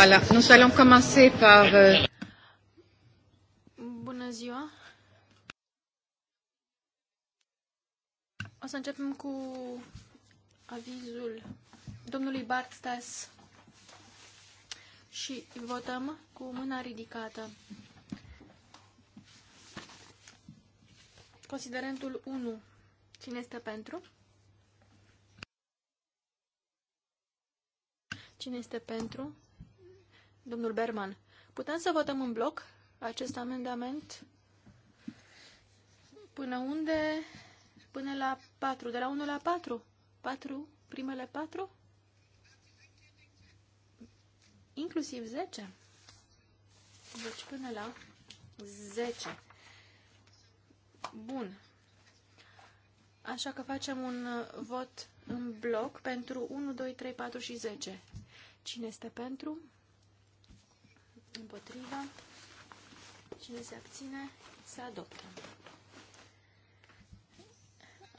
Voilà, nous allons commencer par... Euh, Bună ziua! O să începem cu avizul domnului Bart și votăm cu mâna ridicată. Considerentul 1. Cine este pentru? Cine este pentru? Domnul Berman, putem să votăm în bloc acest amendament? Până unde? Până la 4, de la 1 la 4. 4, primele 4? Inclusiv 10. Deci până la 10. Bun. Așa că facem un vot în bloc pentru 1, 2, 3, 4 și 10. Cine este pentru? împotriva, cine se abține, se adoptă.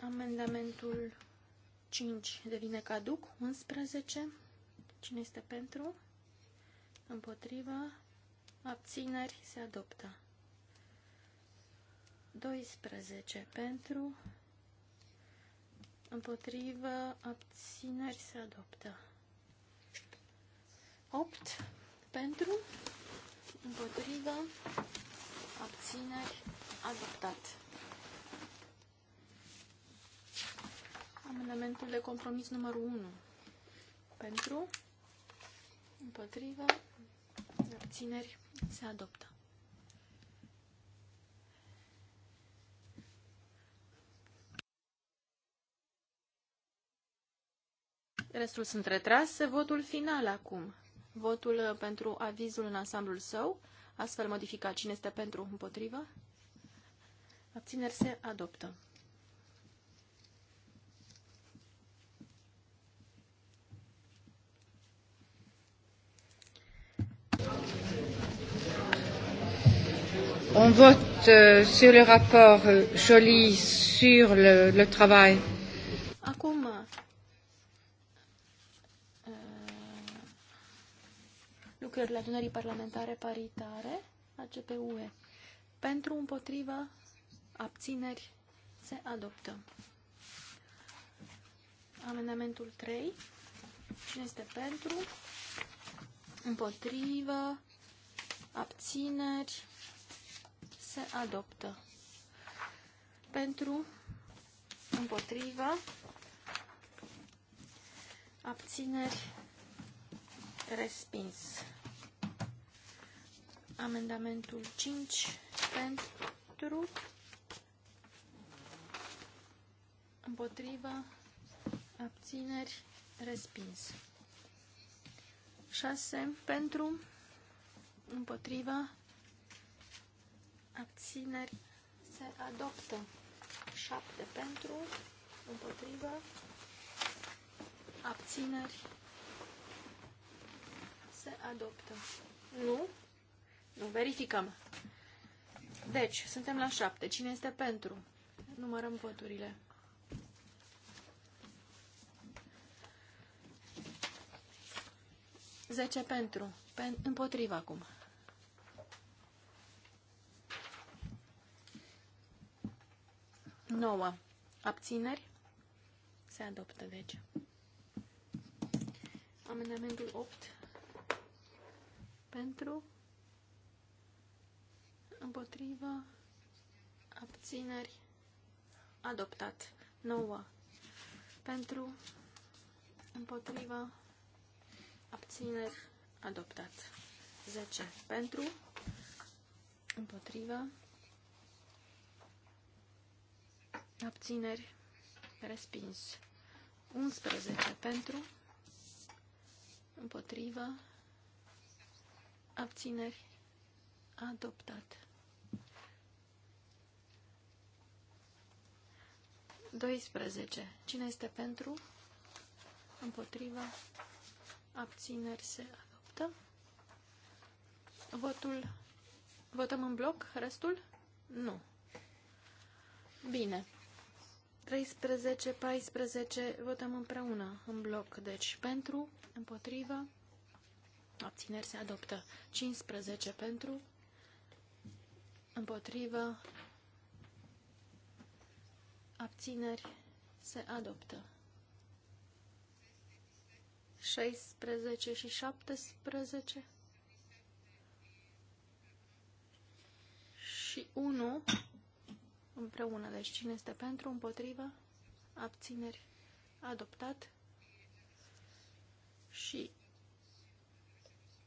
Amendamentul 5 devine caduc, 11, cine este pentru, împotriva, abțineri, se adoptă. 12 pentru, împotrivă, abțineri, se adoptă. 8 pentru, împotrivă, abțineri, adoptat. Amendamentul de compromis numărul 1. Pentru, împotrivă, abțineri, se adoptă. Restul sunt retrase. Votul final acum votul uh, pentru avizul în ansamblul său, astfel modificat. Cine este pentru? Împotrivă? Abțineri se adoptă. On vote uh, sur le rapport euh, Joly sur le, le travail. Acum lucrările adunării parlamentare paritare, CPUE. Pentru, împotrivă abțineri, se adoptă. Amendamentul 3. Cine este pentru? Împotrivă, abțineri, se adoptă. Pentru, împotrivă, abțineri, respins. Amendamentul 5 pentru împotriva abțineri respins. 6 pentru împotriva abțineri se adoptă. 7 pentru împotriva abțineri se adoptă. Nu? Verificăm. Deci, suntem la șapte. Cine este pentru? Numărăm voturile. Zece pentru. Pen împotriva acum. Nouă. Abțineri. Se adoptă, deci. Amendamentul 8. Pentru împotriva abțineri, adoptat. 9 pentru, împotriva abțineri, adoptat. 10 pentru, împotriva abțineri, respins. 11 pentru, împotriva abțineri, adoptat. 12. Cine este pentru? Împotriva. Abțineri se adoptă. Votul. Votăm în bloc? Restul? Nu. Bine. 13, 14, votăm împreună în bloc. Deci pentru, împotriva, abțineri se adoptă. 15 pentru, împotriva, abțineri, se adoptă. 16 și 17 și 1 împreună. Deci cine este pentru, împotriva, abțineri, adoptat și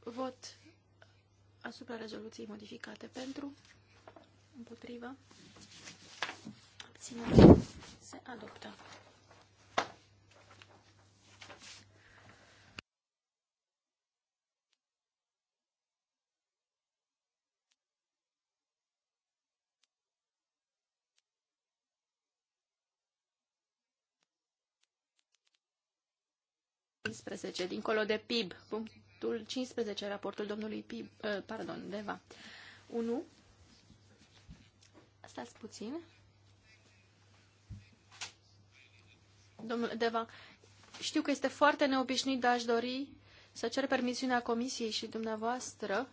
vot asupra rezoluției modificate pentru, împotriva, abțineri, se adoptă. dincolo de PIB, punctul 15, raportul domnului PIB, eh, pardon, Deva. 1. Stați puțin. Domnule Deva, știu că este foarte neobișnuit, dar aș dori să cer permisiunea Comisiei și dumneavoastră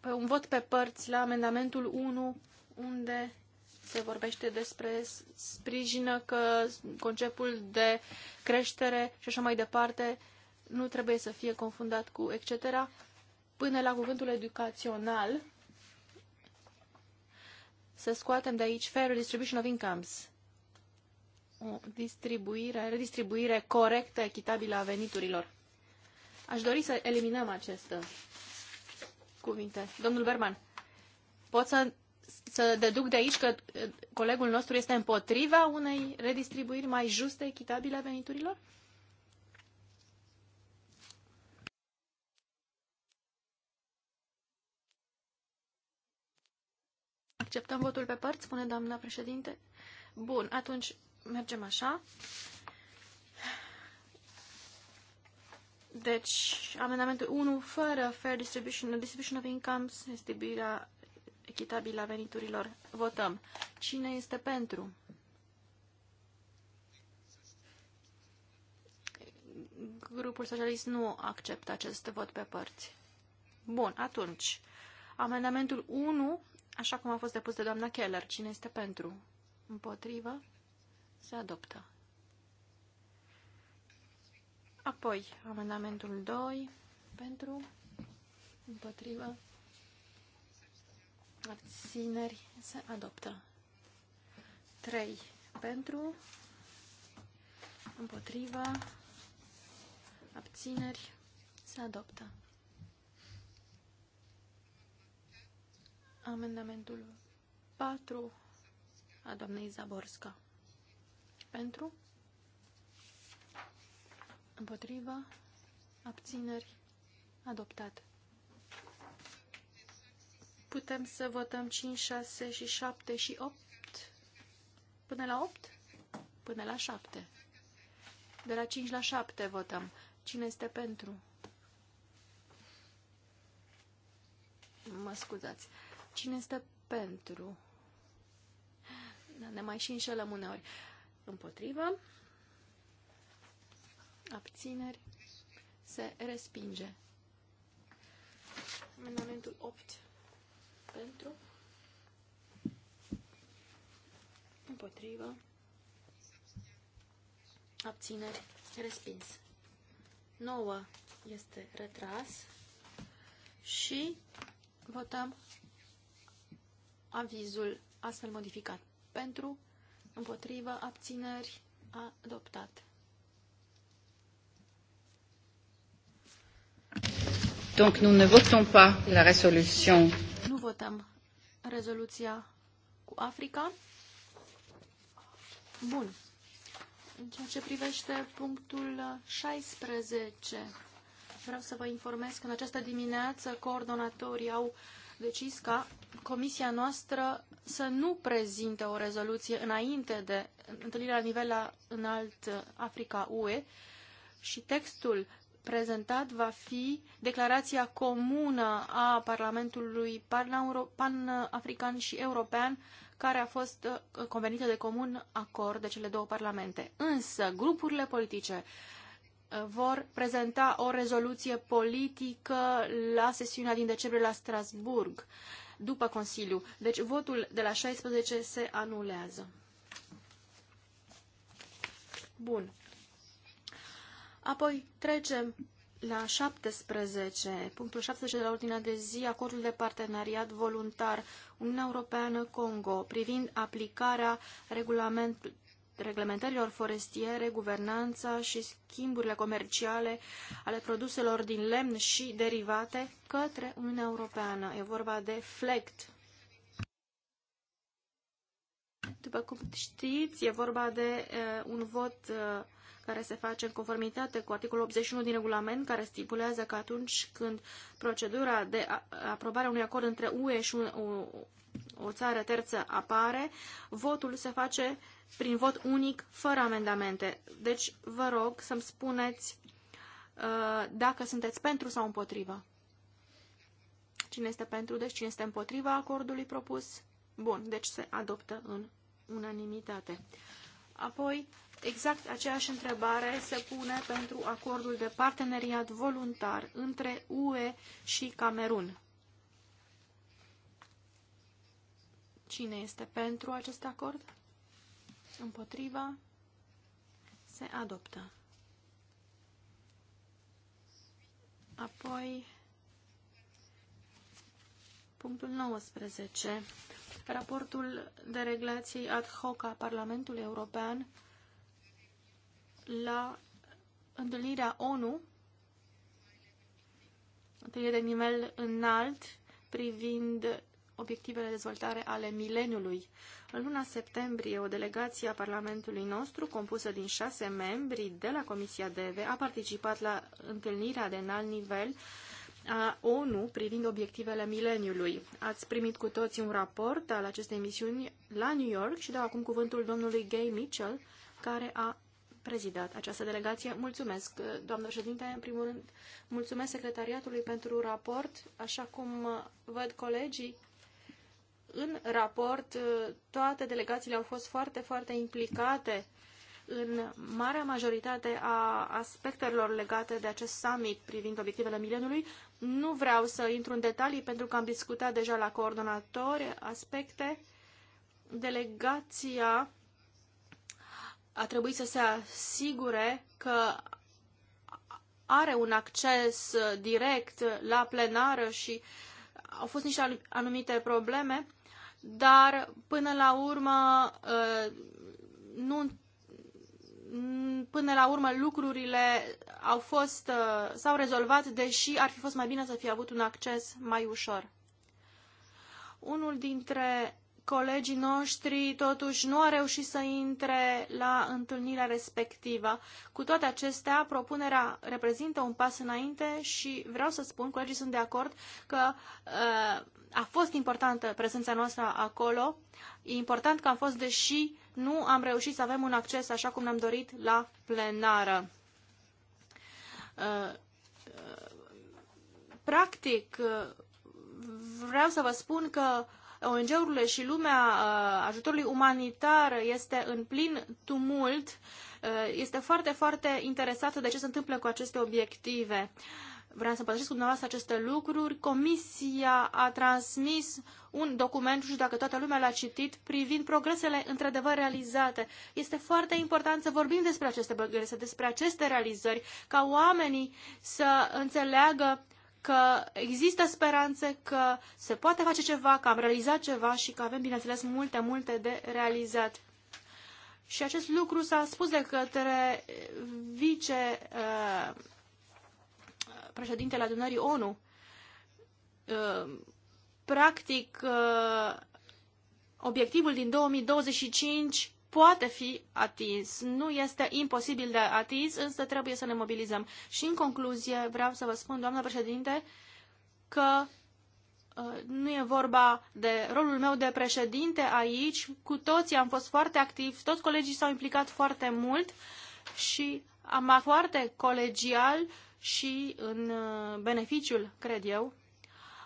pe un vot pe părți la amendamentul 1, unde se vorbește despre sprijină că conceptul de creștere și așa mai departe nu trebuie să fie confundat cu etc. până la cuvântul educațional să scoatem de aici fair distribution of incomes o distribuire, redistribuire corectă, echitabilă a veniturilor. Aș dori să eliminăm aceste uh, cuvinte. Domnul Berman, pot să, să deduc de aici că uh, colegul nostru este împotriva unei redistribuiri mai juste, echitabile a veniturilor? Acceptăm votul pe părți, spune doamna președinte. Bun, atunci Mergem așa. Deci, amendamentul 1, fără fair distribution, distribution of incomes, distribuirea echitabilă a veniturilor. Votăm. Cine este pentru? Grupul socialist nu acceptă acest vot pe părți. Bun, atunci, amendamentul 1, așa cum a fost depus de doamna Keller, cine este pentru? Împotrivă? Se adoptă. Apoi, amendamentul 2 pentru, împotrivă, abțineri, se adoptă. 3 pentru, împotrivă, abțineri, se adoptă. Amendamentul 4 a doamnei Zaborska pentru, împotriva, abțineri, adoptat. Putem să votăm 5, 6 și 7 și 8? Până la 8? Până la 7. De la 5 la 7 votăm. Cine este pentru? Mă scuzați. Cine este pentru? ne mai și înșelăm uneori. Uh, împotrivă, abțineri, se respinge. Amendamentul 8 pentru, împotrivă, abțineri, respins. 9 este retras și votăm avizul astfel modificat pentru împotrivă, abțineri, adoptat. Donc nous ne votons pas la résolution. Nu votăm rezoluția cu Africa. Bun. În ceea ce privește punctul 16, vreau să vă informez că în această dimineață coordonatorii au uh, decis ca comisia noastră să nu prezinte o rezoluție înainte de întâlnirea la nivel înalt uh, Africa-UE și textul prezentat va fi declarația comună a Parlamentului pan-african și european care a fost uh, convenită de comun acord de cele două parlamente. Însă, grupurile politice vor prezenta o rezoluție politică la sesiunea din decembrie la Strasburg, după Consiliu. Deci votul de la 16 se anulează. Bun. Apoi trecem la 17, punctul 17 de la ordinea de zi, acordul de parteneriat voluntar Uniunea Europeană-Congo privind aplicarea regulament, reglementărilor forestiere, guvernanța și schimburile comerciale ale produselor din lemn și derivate către Uniunea Europeană. E vorba de FLECT. După cum știți, e vorba de uh, un vot uh, care se face în conformitate cu articolul 81 din regulament, care stipulează că atunci când procedura de aprobare a unui acord între UE și o țară terță apare, votul se face prin vot unic, fără amendamente. Deci, vă rog să-mi spuneți uh, dacă sunteți pentru sau împotrivă. Cine este pentru, deci cine este împotriva acordului propus? Bun, deci se adoptă în unanimitate. Apoi, exact aceeași întrebare se pune pentru acordul de parteneriat voluntar între UE și Camerun. Cine este pentru acest acord? Împotriva? Se adoptă. Apoi, punctul 19. Raportul de reglații ad hoc a Parlamentului European la întâlnirea ONU, întâlnire de nivel înalt, privind obiectivele de dezvoltare ale mileniului. În luna septembrie, o delegație a Parlamentului nostru, compusă din șase membri de la Comisia DEVE, a participat la întâlnirea de înalt nivel a ONU privind obiectivele mileniului. Ați primit cu toții un raport al acestei misiuni la New York și dau acum cuvântul domnului Gay Mitchell, care a prezidat această delegație. Mulțumesc, doamnă președinte. În primul rând, mulțumesc secretariatului pentru raport. Așa cum văd colegii, în raport uh, toate delegațiile au fost foarte, foarte implicate în marea majoritate a aspectelor legate de acest summit privind obiectivele mileniului. Nu vreau să intru în detalii pentru că am discutat deja la coordonatori aspecte. Delegația a trebuit să se asigure că are un acces direct la plenară și au fost niște anumite probleme dar până la urmă uh, nu până la urmă lucrurile au fost, uh, s-au rezolvat, deși ar fi fost mai bine să fi avut un acces mai ușor. Unul dintre colegii noștri totuși nu au reușit să intre la întâlnirea respectivă. Cu toate acestea, propunerea reprezintă un pas înainte și vreau să spun, colegii sunt de acord, că uh, a fost importantă prezența noastră acolo. E important că am fost, deși nu am reușit să avem un acces așa cum ne-am dorit la plenară. Uh, uh practic, uh, vreau să vă spun că ONG-urile și lumea uh, ajutorului umanitar este în plin tumult, uh, este foarte, foarte interesată de ce se întâmplă cu aceste obiective. Vreau să împărtășesc cu dumneavoastră aceste lucruri. Comisia a transmis un document, nu știu dacă toată lumea l-a citit, privind progresele într-adevăr realizate. Este foarte important să vorbim despre aceste progrese, despre aceste realizări, ca oamenii să înțeleagă că există speranțe, că se poate face ceva, că am realizat ceva și că avem, bineînțeles, multe, multe de realizat. Și acest lucru s-a spus de către eh, vice uh, președintele adunării ONU. Uh, practic, uh, obiectivul din 2025 poate fi atins. Nu este imposibil de atins, însă trebuie să ne mobilizăm. Și în concluzie vreau să vă spun, doamnă președinte, că uh, nu e vorba de rolul meu de președinte aici. Cu toții am fost foarte activi, toți colegii s-au implicat foarte mult și am fost foarte colegial și în uh, beneficiul, cred eu,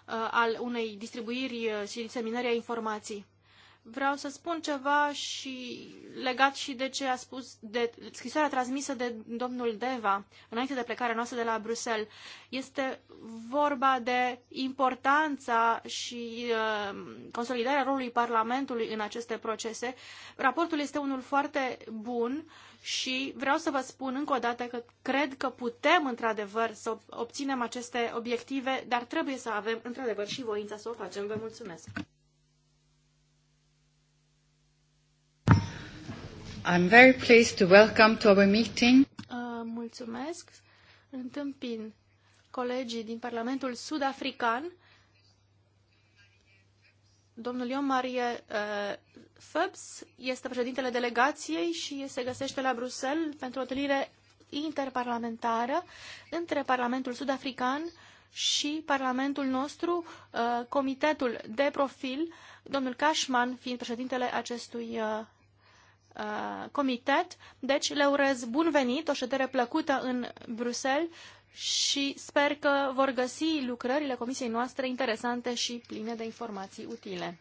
uh, al unei distribuiri și diseminări a informației. Vreau să spun ceva și legat și de ce a spus, de scrisoarea transmisă de domnul Deva, înainte de plecarea noastră de la Bruxelles. Este vorba de importanța și uh, consolidarea rolului Parlamentului în aceste procese. Raportul este unul foarte bun și vreau să vă spun încă o dată că cred că putem într-adevăr să obținem aceste obiective, dar trebuie să avem într-adevăr și voința să o facem. Vă mulțumesc! I'm very pleased to welcome to our meeting. Uh, mulțumesc. Întâmpin colegii din Parlamentul Sud-African, domnul Ion Marie uh, este președintele delegației și se găsește la Bruxelles pentru o întâlnire interparlamentară între Parlamentul Sud-African și Parlamentul nostru, uh, Comitetul de Profil, domnul Cashman fiind președintele acestui uh, Uh, comitet. Deci le urez bun venit, o ședere plăcută în Bruxelles și sper că vor găsi lucrările comisiei noastre interesante și pline de informații utile.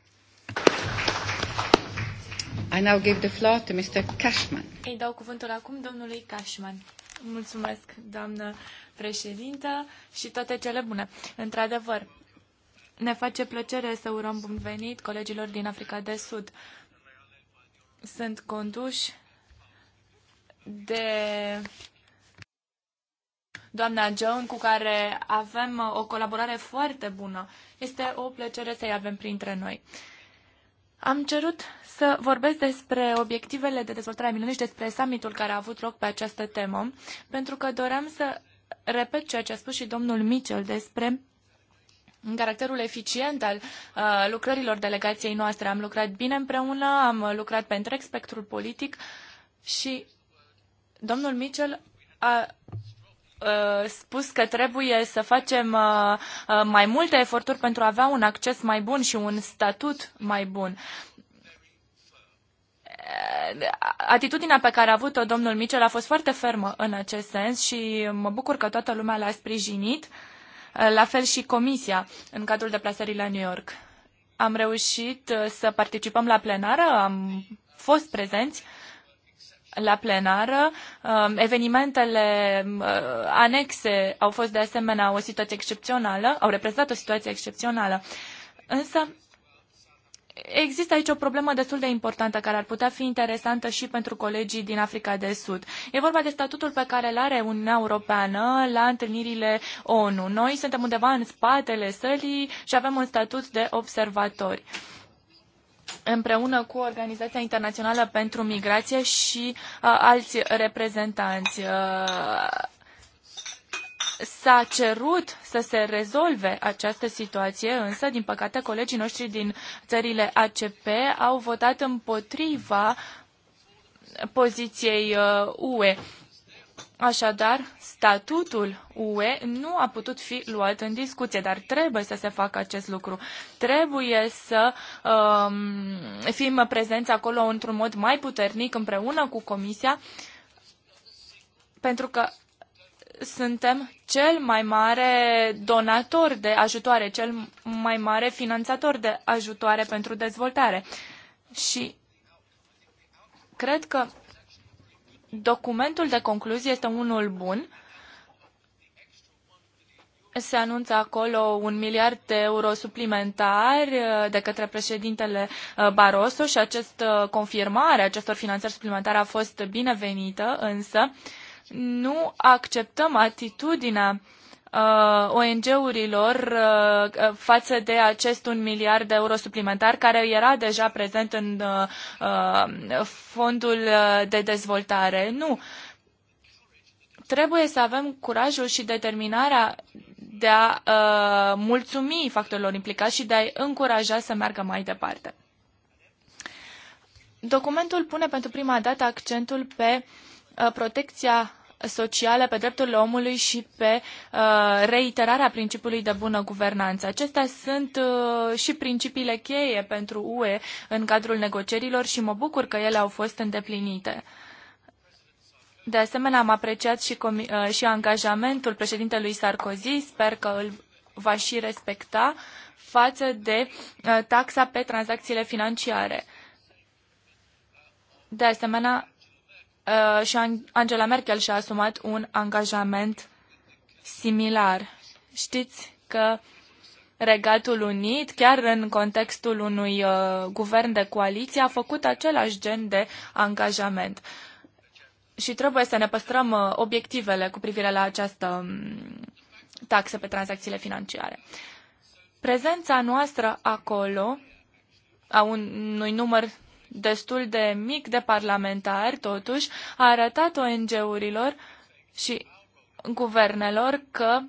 I now give the floor to Mr. Cashman. Îi dau cuvântul acum domnului Cashman. Mulțumesc, doamnă președintă, și toate cele bune. Într-adevăr, ne face plăcere să urăm bun venit colegilor din Africa de Sud sunt conduși de doamna Joan, cu care avem o colaborare foarte bună. Este o plăcere să-i avem printre noi. Am cerut să vorbesc despre obiectivele de dezvoltare a minunii și despre summitul care a avut loc pe această temă, pentru că doream să repet ceea ce a spus și domnul Mitchell despre în caracterul eficient al uh, lucrărilor delegației noastre. Am lucrat bine împreună, am lucrat pe întreg spectrul politic și domnul Mitchell a uh, spus că trebuie să facem uh, uh, mai multe eforturi pentru a avea un acces mai bun și un statut mai bun. Atitudinea pe care a avut-o domnul Mitchell a fost foarte fermă în acest sens și mă bucur că toată lumea l-a sprijinit la fel și comisia în cadrul deplasării la New York. Am reușit uh, să participăm la plenară, am fost prezenți la plenară. Um, evenimentele um, uh, anexe au fost de asemenea o situație excepțională, au reprezentat o situație excepțională. Însă Există aici o problemă destul de importantă care ar putea fi interesantă și pentru colegii din Africa de Sud. E vorba de statutul pe care îl are Uniunea Europeană la întâlnirile ONU. Noi suntem undeva în spatele sălii și avem un statut de observatori împreună cu Organizația Internațională pentru Migrație și uh, alți reprezentanți. Uh, S-a cerut să se rezolve această situație, însă, din păcate, colegii noștri din țările ACP au votat împotriva poziției UE. Uh, Așadar, statutul UE nu a putut fi luat în discuție, dar trebuie să se facă acest lucru. Trebuie să um, fim prezenți acolo într-un mod mai puternic împreună cu Comisia, pentru că suntem cel mai mare donator de ajutoare, cel mai mare finanțator de ajutoare pentru dezvoltare. Și cred că documentul de concluzie este unul bun. Se anunță acolo un miliard de euro suplimentar uh, de către președintele uh, Barroso și această uh, confirmare acestor finanțări suplimentare a fost binevenită, însă uh, nu acceptăm atitudinea uh, ONG-urilor uh, uh, față de acest un miliard de euro suplimentar care era deja prezent în uh, uh fondul uh, de dezvoltare. Nu. Trebuie să avem curajul și determinarea de a uh, mulțumi factorilor implicați și de a-i încuraja să meargă mai departe. Documentul pune pentru prima dată accentul pe uh, Uh, protecția socială, pe drepturile omului și pe uh, reiterarea principiului de bună guvernanță. Acestea sunt uh, și principiile cheie pentru UE în cadrul negocierilor și mă bucur că ele au fost îndeplinite. De asemenea, am apreciat și, și angajamentul președintelui Sarkozy, sper că îl va și respecta, față de taxa pe tranzacțiile financiare. De asemenea, Uh, și Angela Merkel și-a asumat un angajament similar. Știți că Regatul Unit, chiar în contextul unui uh, guvern de coaliție, a făcut același gen de angajament. Și trebuie să ne păstrăm uh, obiectivele cu privire la această um, taxă pe tranzacțiile financiare. Prezența noastră acolo a unui număr destul de mic de parlamentari, totuși, a arătat ONG-urilor și guvernelor că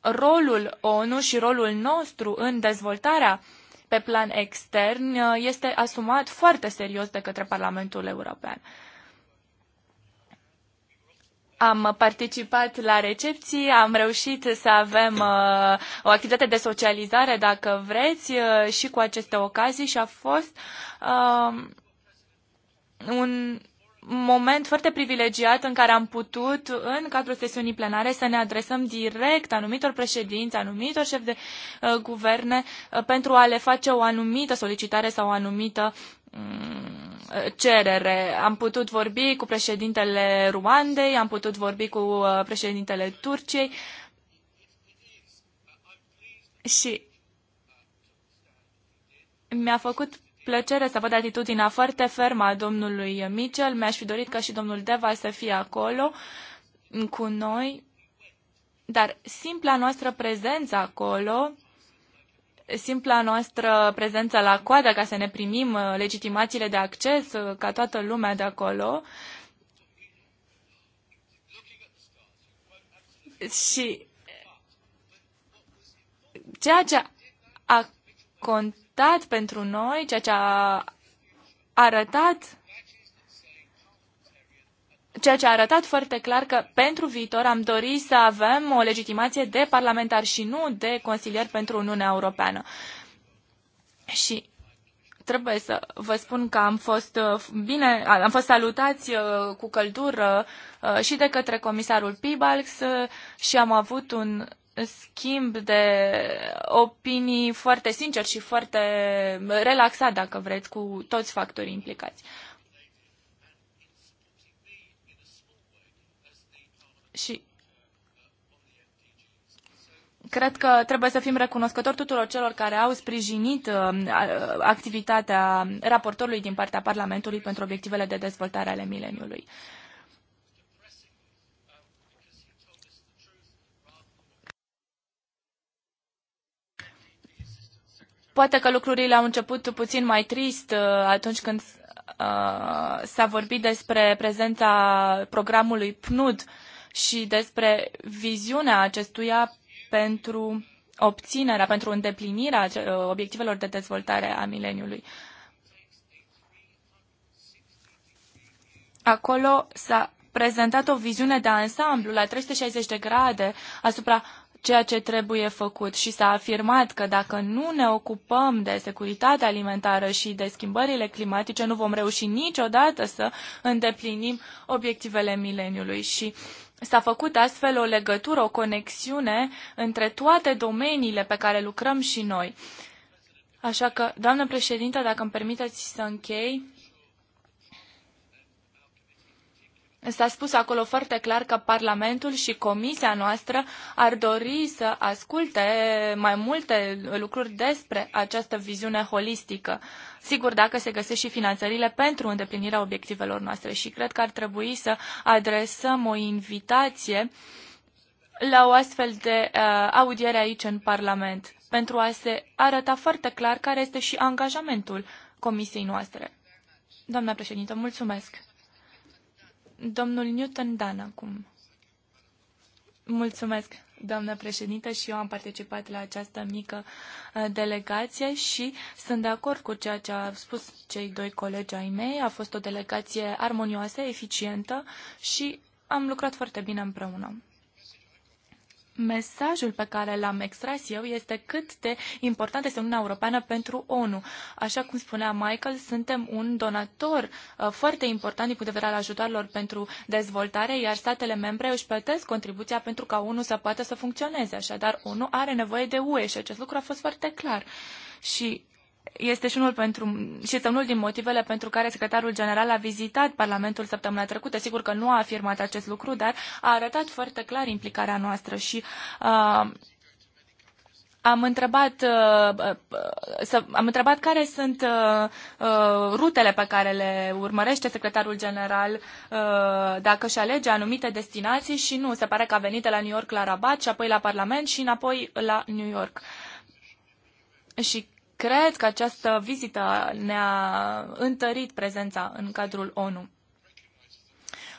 rolul ONU și rolul nostru în dezvoltarea pe plan extern uh, este asumat foarte serios de către Parlamentul European. Am participat la recepții, am reușit să avem uh, o activitate de socializare, dacă vreți, uh, și cu aceste ocazii și a fost uh, un moment foarte privilegiat în care am putut, în cadrul sesiunii plenare, să ne adresăm direct anumitor președinți, anumitor șefi de uh, guverne, uh, pentru a le face o anumită solicitare sau o anumită um, cerere. Am putut vorbi cu președintele Ruandei, am putut vorbi cu uh, președintele Turciei și mi-a făcut plăcere să văd atitudinea foarte fermă a domnului Mitchell. Mi-aș fi dorit ca și domnul Deva să fie acolo cu noi, dar simpla noastră prezență acolo, simpla noastră prezență la coadă ca să ne primim uh, legitimațiile de acces uh, ca toată lumea de acolo, și ceea ce a contat dat pentru noi, ceea ce a arătat ceea ce a arătat foarte clar că pentru viitor am dorit să avem o legitimație de parlamentar și nu de consilier pentru Uniunea Europeană. Și trebuie să vă spun că am fost uh, bine, am fost salutați uh, cu căldură uh, și de către comisarul Pibalx și am avut un schimb de opinii foarte sincer și foarte relaxat, dacă vreți, cu toți factorii implicați. Și cred că trebuie să fim recunoscători tuturor celor care au sprijinit uh, activitatea raportorului din partea Parlamentului pentru obiectivele de dezvoltare ale mileniului. Poate că lucrurile au început puțin mai trist uh, atunci când uh, s-a vorbit despre prezența programului PNUD și despre viziunea acestuia pentru obținerea, pentru îndeplinirea uh, obiectivelor de dezvoltare a mileniului. Acolo s-a prezentat o viziune de ansamblu la 360 de grade asupra ceea ce trebuie făcut și s-a afirmat că dacă nu ne ocupăm de securitatea alimentară și de schimbările climatice, nu vom reuși niciodată să îndeplinim obiectivele mileniului și S-a făcut astfel o legătură, o conexiune între toate domeniile pe care lucrăm și noi. Așa că, doamnă președintă, dacă îmi permiteți să închei, S-a spus acolo foarte clar că Parlamentul și Comisia noastră ar dori să asculte mai multe lucruri despre această viziune holistică. Sigur, dacă se găsesc și finanțările pentru îndeplinirea obiectivelor noastre și cred că ar trebui să adresăm o invitație la o astfel de uh, audiere aici în Parlament, pentru a se arăta foarte clar care este și angajamentul Comisiei noastre. Doamna președintă, mulțumesc! Domnul Newton Dan acum. Mulțumesc, doamnă președintă, și eu am participat la această mică uh, delegație și sunt de acord cu ceea ce au spus cei doi colegi ai mei. A fost o delegație armonioasă, eficientă și am lucrat foarte bine împreună mesajul pe care l-am extras eu este cât de importantă este Uniunea Europeană pentru ONU. Așa cum spunea Michael, suntem un donator uh, foarte important din punct de vedere al ajutoarelor pentru dezvoltare, iar statele membre își plătesc contribuția pentru ca ONU să poată să funcționeze. Așadar, ONU are nevoie de UE și acest lucru a fost foarte clar. Și este și unul, pentru, și este unul din motivele pentru care secretarul general a vizitat Parlamentul săptămâna trecută. Sigur că nu a afirmat acest lucru, dar a arătat foarte clar implicarea noastră și uh, am întrebat, uh, uh, am întrebat care sunt uh, rutele pe care le urmărește secretarul general dacă își alege anumite destinații și nu. Se pare că a venit de la New York la Rabat și apoi la Parlament și înapoi la New York. Și Cred că această vizită ne-a întărit prezența în cadrul ONU.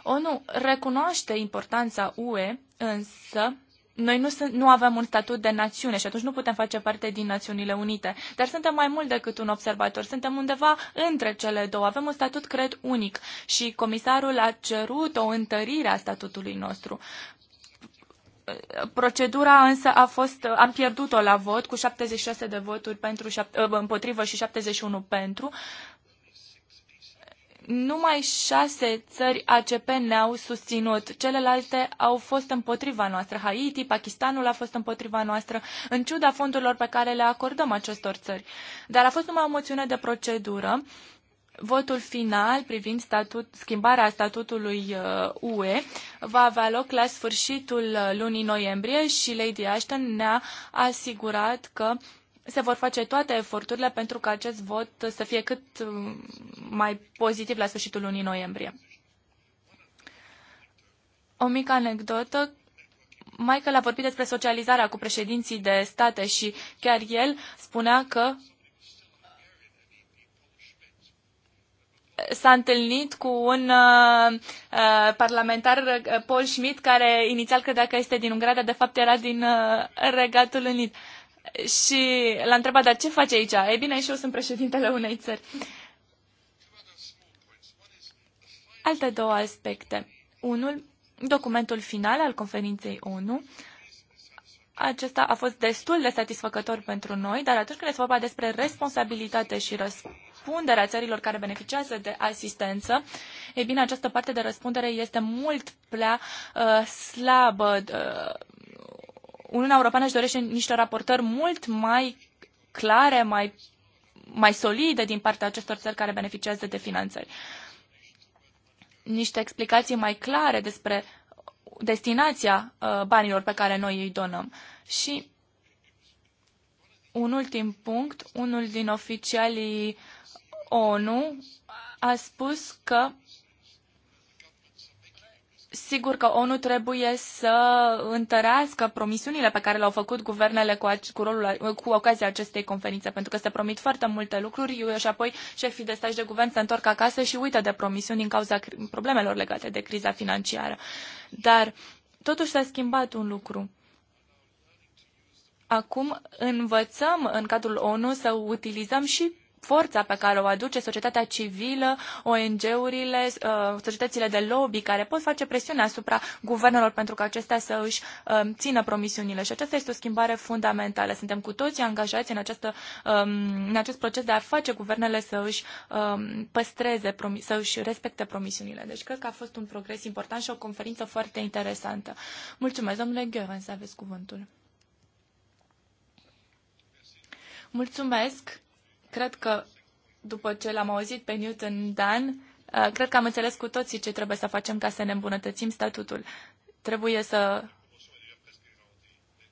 ONU recunoaște importanța UE, însă noi nu, sunt, nu avem un statut de națiune și atunci nu putem face parte din Națiunile Unite, dar suntem mai mult decât un observator, suntem undeva între cele două, avem un statut, cred, unic și comisarul a cerut o întărire a statutului nostru. Procedura însă a fost, am pierdut-o la vot cu 76 de voturi pentru, ă, împotrivă și 71 pentru. Numai șase țări ACP ne-au susținut, celelalte au fost împotriva noastră. Haiti, Pakistanul a fost împotriva noastră, în ciuda fondurilor pe care le acordăm acestor țări. Dar a fost numai o moțiune de procedură Votul final privind statut, schimbarea statutului UE uh, va avea loc la sfârșitul uh, lunii noiembrie și Lady Ashton ne-a asigurat că se vor face toate eforturile pentru ca acest vot să fie cât uh, mai pozitiv la sfârșitul lunii noiembrie. O mică anecdotă Michael a vorbit despre socializarea cu președinții de state și chiar el spunea că s-a întâlnit cu un uh, uh parlamentar, uh, Paul Schmidt, care inițial credea că este din Ungaria, de fapt era din uh, Regatul Unit. Și l-a întrebat, dar ce face aici? Ei bine, și eu sunt președintele unei țări. Alte două aspecte. Unul, documentul final al conferinței ONU. Acesta a fost destul de satisfăcător pentru noi, dar atunci când este vorba despre responsabilitate și răsp răspunderea țărilor care beneficiază de asistență, e bine, această parte de răspundere este mult prea uh, slabă. Uh, Uniunea Europeană își dorește niște raportări mult mai clare, mai, mai solide din partea acestor țări care beneficiază de finanțări. Niște explicații mai clare despre destinația uh, banilor pe care noi îi donăm. Și un ultim punct, unul din oficialii ONU a spus că Sigur că ONU trebuie să întărească promisiunile pe care le-au făcut guvernele cu, cu, rolul, cu ocazia acestei conferințe, pentru că se promit foarte multe lucruri și apoi șefii de staj de guvern se întorc acasă și uită de promisiuni din cauza problemelor legate de criza financiară. Dar totuși s-a schimbat un lucru. Acum învățăm în cadrul ONU să utilizăm și forța pe care o aduce societatea civilă, ONG-urile, uh, societățile de lobby care pot face presiune asupra guvernelor pentru că acestea să își um, țină promisiunile. Și aceasta este o schimbare fundamentală. Suntem cu toții angajați în, această, um, în acest proces de a face guvernele să își um, păstreze, să își respecte promisiunile. Deci cred că a fost un progres important și o conferință foarte interesantă. Mulțumesc, domnule Gheorghe, să aveți cuvântul. Mulțumesc! Cred că după ce l-am auzit pe Newton Dan, uh, cred că am înțeles cu toții ce trebuie să facem ca să ne îmbunătățim statutul. Trebuie să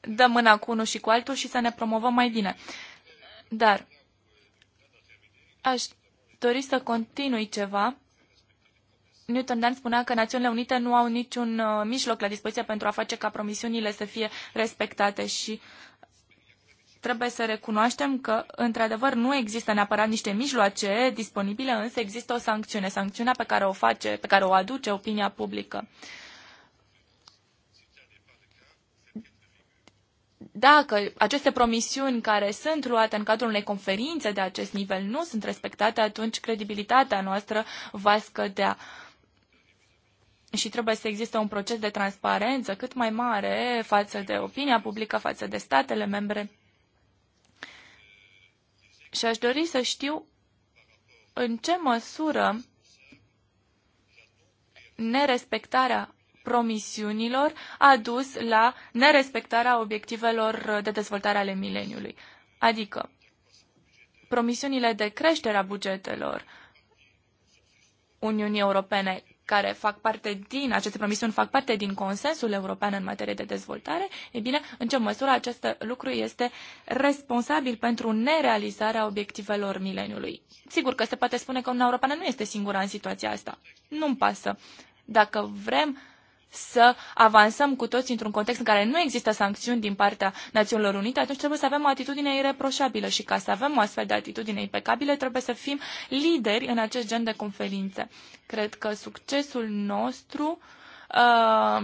dăm mâna cu unul și cu altul și să ne promovăm mai bine. Dar aș dori să continui ceva. Newton Dan spunea că Națiunile Unite nu au niciun uh, mijloc la dispoziție pentru a face ca promisiunile să fie respectate și trebuie să recunoaștem că, într-adevăr, nu există neapărat niște mijloace disponibile, însă există o sancțiune, sancțiunea pe care o face, pe care o aduce opinia publică. Dacă aceste promisiuni care sunt luate în cadrul unei conferințe de acest nivel nu sunt respectate, atunci credibilitatea noastră va scădea și trebuie să existe un proces de transparență cât mai mare față de opinia publică, față de statele membre. Și aș dori să știu în ce măsură nerespectarea promisiunilor a dus la nerespectarea obiectivelor de dezvoltare ale mileniului. Adică, promisiunile de creștere a bugetelor Uniunii Europene care fac parte din, aceste promisiuni fac parte din consensul european în materie de dezvoltare, e bine, în ce măsură acest lucru este responsabil pentru nerealizarea obiectivelor mileniului. Sigur că se poate spune că Uniunea Europeană nu este singura în situația asta. Nu-mi pasă. Dacă vrem să avansăm cu toți într-un context în care nu există sancțiuni din partea Națiunilor Unite, atunci trebuie să avem o atitudine ireproșabilă și ca să avem o astfel de atitudine impecabilă, trebuie să fim lideri în acest gen de conferințe. Cred că succesul nostru uh,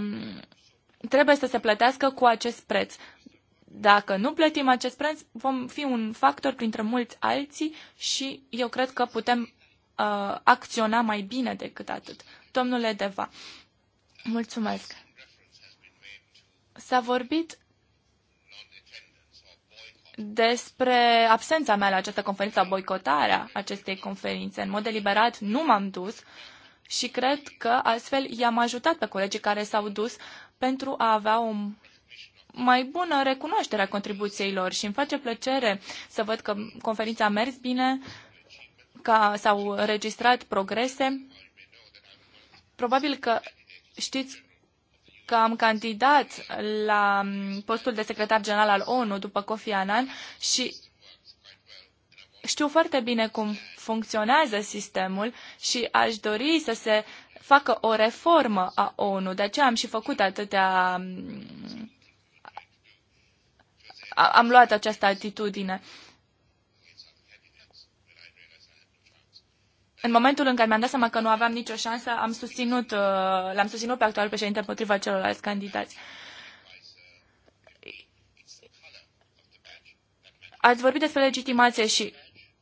trebuie să se plătească cu acest preț. Dacă nu plătim acest preț, vom fi un factor printre mulți alții și eu cred că putem uh, acționa mai bine decât atât. Domnule Deva, uh, Mulțumesc. S-a vorbit despre absența mea la această conferință, a boicotarea acestei conferințe. În mod deliberat nu m-am dus și cred că astfel i-am ajutat pe colegii care s-au dus pentru a avea o mai bună recunoaștere a contribuției lor și îmi face plăcere să văd că conferința a mers bine, că s-au înregistrat progrese. Probabil că Știți că am candidat la mm, postul de secretar general al ONU după Kofi Annan și știu foarte bine cum funcționează sistemul și aș dori să se facă o reformă a ONU. De aceea am și făcut atâtea. Mm, am luat această atitudine. în momentul în care mi-am dat seama că nu aveam nicio șansă, am susținut, uh, l-am susținut pe actualul președinte împotriva celorlalți candidați. Ați vorbit despre legitimație și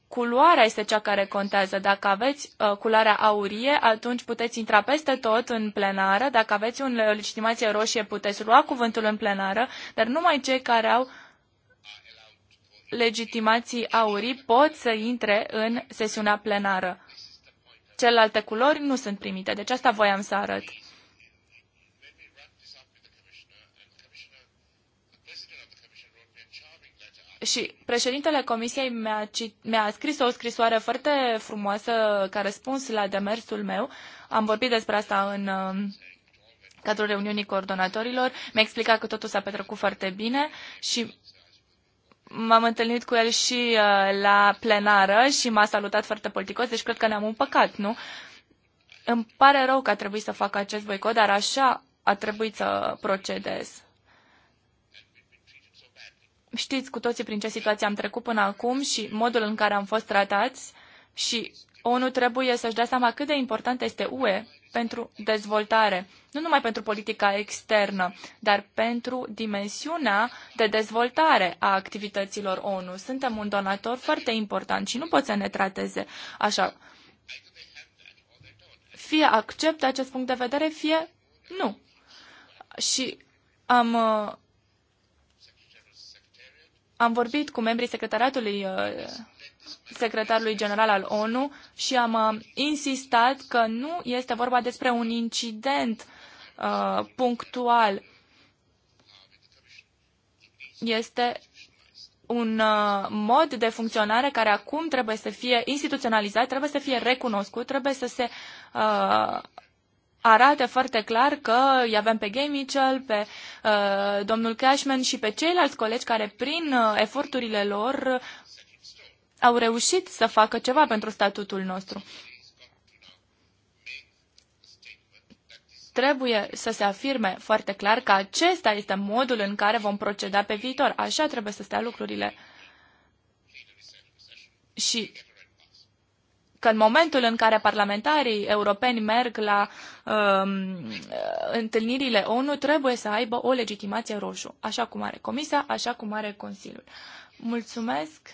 culoarea este cea care contează. Dacă aveți uh, culoarea aurie, atunci puteți intra peste tot în plenară. Dacă aveți un, o uh, legitimație roșie, puteți lua cuvântul în plenară, dar numai cei care au legitimații aurii pot să intre în sesiunea plenară celelalte culori nu sunt primite. Deci asta voiam să arăt. Și președintele Comisiei mi-a, mi scris o scrisoare foarte frumoasă ca răspuns la demersul meu. Am vorbit despre asta în um, cadrul reuniunii coordonatorilor. Mi-a explicat că totul s-a petrecut foarte bine și m-am întâlnit cu el și uh, la plenară și m-a salutat foarte politicos, deci cred că ne-am împăcat, nu? Îmi pare rău că a trebuit să fac acest boicot, dar așa a trebuit să procedez. Știți cu toții prin ce situație am trecut până acum și modul în care am fost tratați și ONU trebuie să-și dea seama cât de important este UE pentru dezvoltare, nu numai pentru politica externă, dar pentru dimensiunea de dezvoltare a activităților ONU. Suntem un donator foarte important și nu pot să ne trateze așa. Fie acceptă acest punct de vedere, fie nu. Și am, uh, am vorbit cu membrii secretariatului uh, secretarului general al ONU și am uh, insistat că nu este vorba despre un incident uh, punctual. Este un uh, mod de funcționare care acum trebuie să fie instituționalizat, trebuie să fie recunoscut, trebuie să se uh, arate foarte clar că îi avem pe Gay Mitchell, pe uh, domnul Cashman și pe ceilalți colegi care prin uh, eforturile lor au reușit să facă ceva pentru statutul nostru. Trebuie să se afirme foarte clar că acesta este modul în care vom proceda pe viitor. Așa trebuie să stea lucrurile. Și că în momentul în care parlamentarii europeni merg la um, întâlnirile ONU, trebuie să aibă o legitimație roșu, așa cum are Comisia, așa cum are Consiliul. Mulțumesc!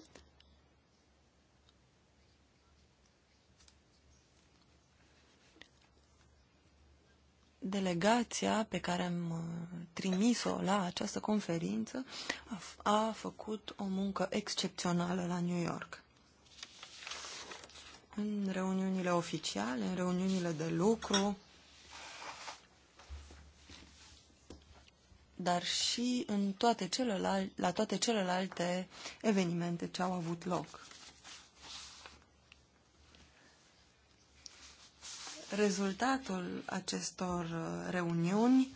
delegația pe care am uh, trimis-o la această conferință a, a făcut o muncă excepțională la New York. În reuniunile oficiale, în reuniunile de lucru, dar și în toate celelalte, la toate celelalte evenimente ce au avut loc. Rezultatul acestor uh, reuniuni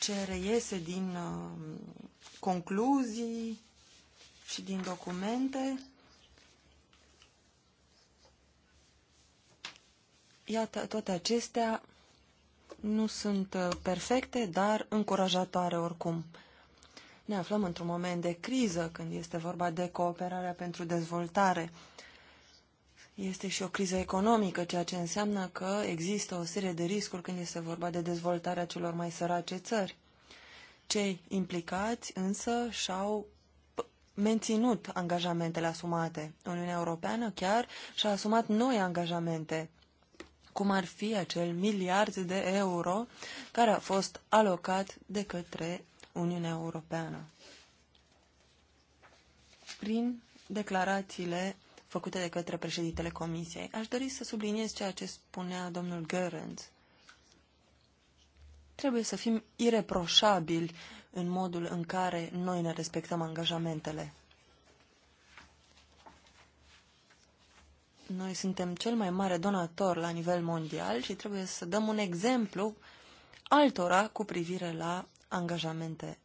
ce reiese din uh, concluzii și din documente Iată, toate acestea nu sunt uh, perfecte, dar încurajatoare oricum. Ne aflăm într-un moment de criză când este vorba de cooperarea pentru dezvoltare. Este și o criză economică, ceea ce înseamnă că există o serie de riscuri când este vorba de dezvoltarea celor mai sărace țări. Cei implicați însă și-au menținut angajamentele asumate. Uniunea Europeană chiar și-a asumat noi angajamente, cum ar fi acel miliard de euro care a fost alocat de către Uniunea Europeană. Prin declarațiile făcute de către președintele Comisiei. Aș dori să subliniez ceea ce spunea domnul Gerens. Trebuie să fim ireproșabili în modul în care noi ne respectăm angajamentele. Noi suntem cel mai mare donator la nivel mondial și trebuie să dăm un exemplu altora cu privire la angajamente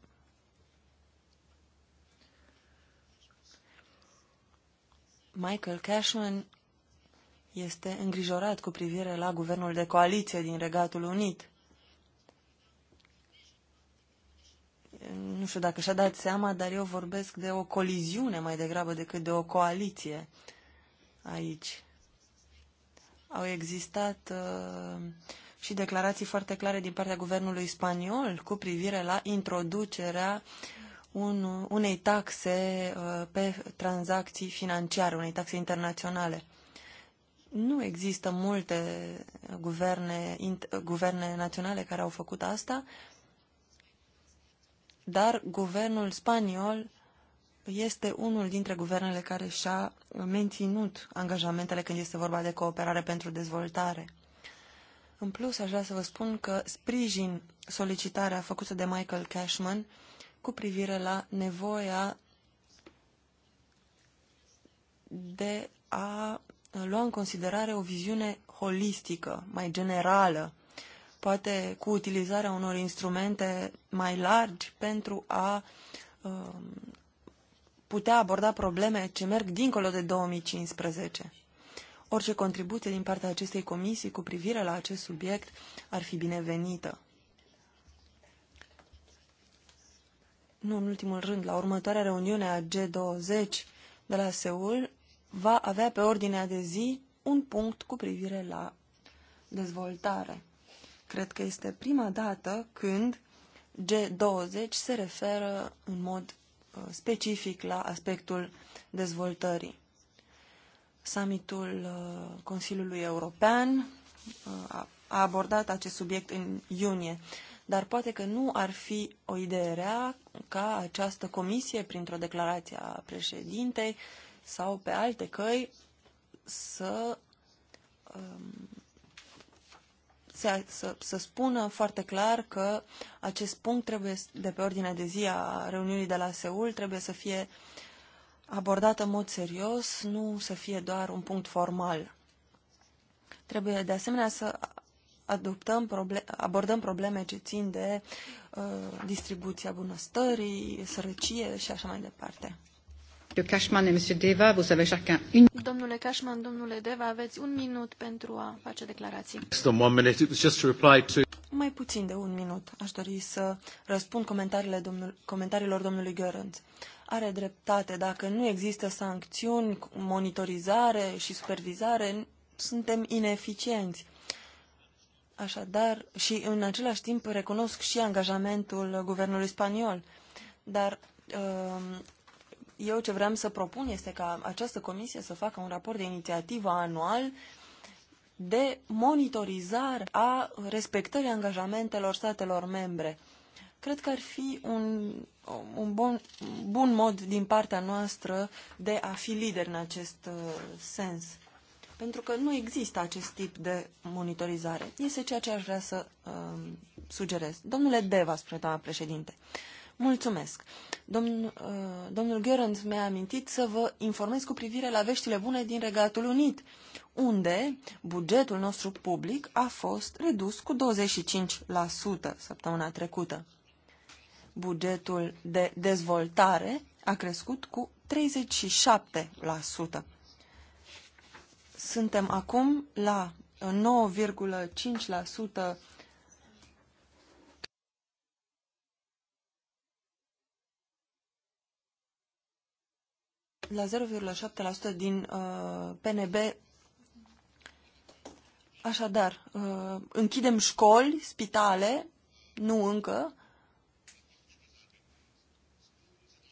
Michael Cashman este îngrijorat cu privire la guvernul de coaliție din Regatul Unit. Nu știu dacă și-a dat seama, dar eu vorbesc de o coliziune mai degrabă decât de o coaliție aici. Au existat uh, și declarații foarte clare din partea guvernului spaniol cu privire la introducerea uh, un, unei taxe uh, pe tranzacții financiare, unei taxe internaționale. Nu există multe guverne, guverne naționale care au făcut asta, dar guvernul spaniol este unul dintre guvernele care și-a menținut angajamentele când este vorba de cooperare pentru dezvoltare. În plus, aș vrea să vă spun că sprijin solicitarea făcută de Michael Cashman cu privire la nevoia de a lua în considerare o viziune holistică, mai generală, poate cu utilizarea unor instrumente mai largi pentru a um, putea aborda probleme ce merg dincolo de 2015. Orice contribuție din partea acestei comisii cu privire la acest subiect ar fi binevenită. nu în ultimul rând, la următoarea reuniune a G20 de la Seul, va avea pe ordinea de zi un punct cu privire la dezvoltare. Cred că este prima dată când G20 se referă în mod uh, specific la aspectul dezvoltării. Summitul uh, Consiliului European uh, a abordat acest subiect în iunie dar poate că nu ar fi o idee rea ca această comisie, printr-o declarație a președintei sau pe alte căi, să, um, să, să, să spună foarte clar că acest punct trebuie de pe ordinea de zi a reuniunii de la Seul trebuie să fie abordat în mod serios, nu să fie doar un punct formal. Trebuie de asemenea să adoptăm proble- abordăm probleme ce țin de uh, distribuția bunăstării, sărăcie și așa mai departe. Domnule Cashman, domnule Deva, aveți un minut pentru a face declarații. Mai puțin de un minut. Aș dori să răspund comentariile domnul, comentariilor domnului Görans. Are dreptate. Dacă nu există sancțiuni, monitorizare și supervizare, suntem ineficienți. Așadar, și în același timp recunosc și angajamentul guvernului spaniol. Dar um, eu ce vreau să propun este ca această comisie să facă un raport de inițiativă anual de monitorizare a respectării angajamentelor statelor membre. Cred că ar fi un, un bun, bun mod din partea noastră de a fi lideri în acest uh, sens pentru că nu există acest tip de monitorizare. Este ceea ce aș vrea să uh, sugerez. Domnule Deva, spune doamna președinte, mulțumesc. Domn, uh, domnul Gerand mi-a amintit să vă informez cu privire la veștile bune din Regatul Unit, unde bugetul nostru public a fost redus cu 25% săptămâna trecută. Bugetul de dezvoltare a crescut cu 37%. Suntem acum la 9,5% uh, la 0,7% din uh, PNB. Așadar, uh, închidem școli, spitale, nu încă.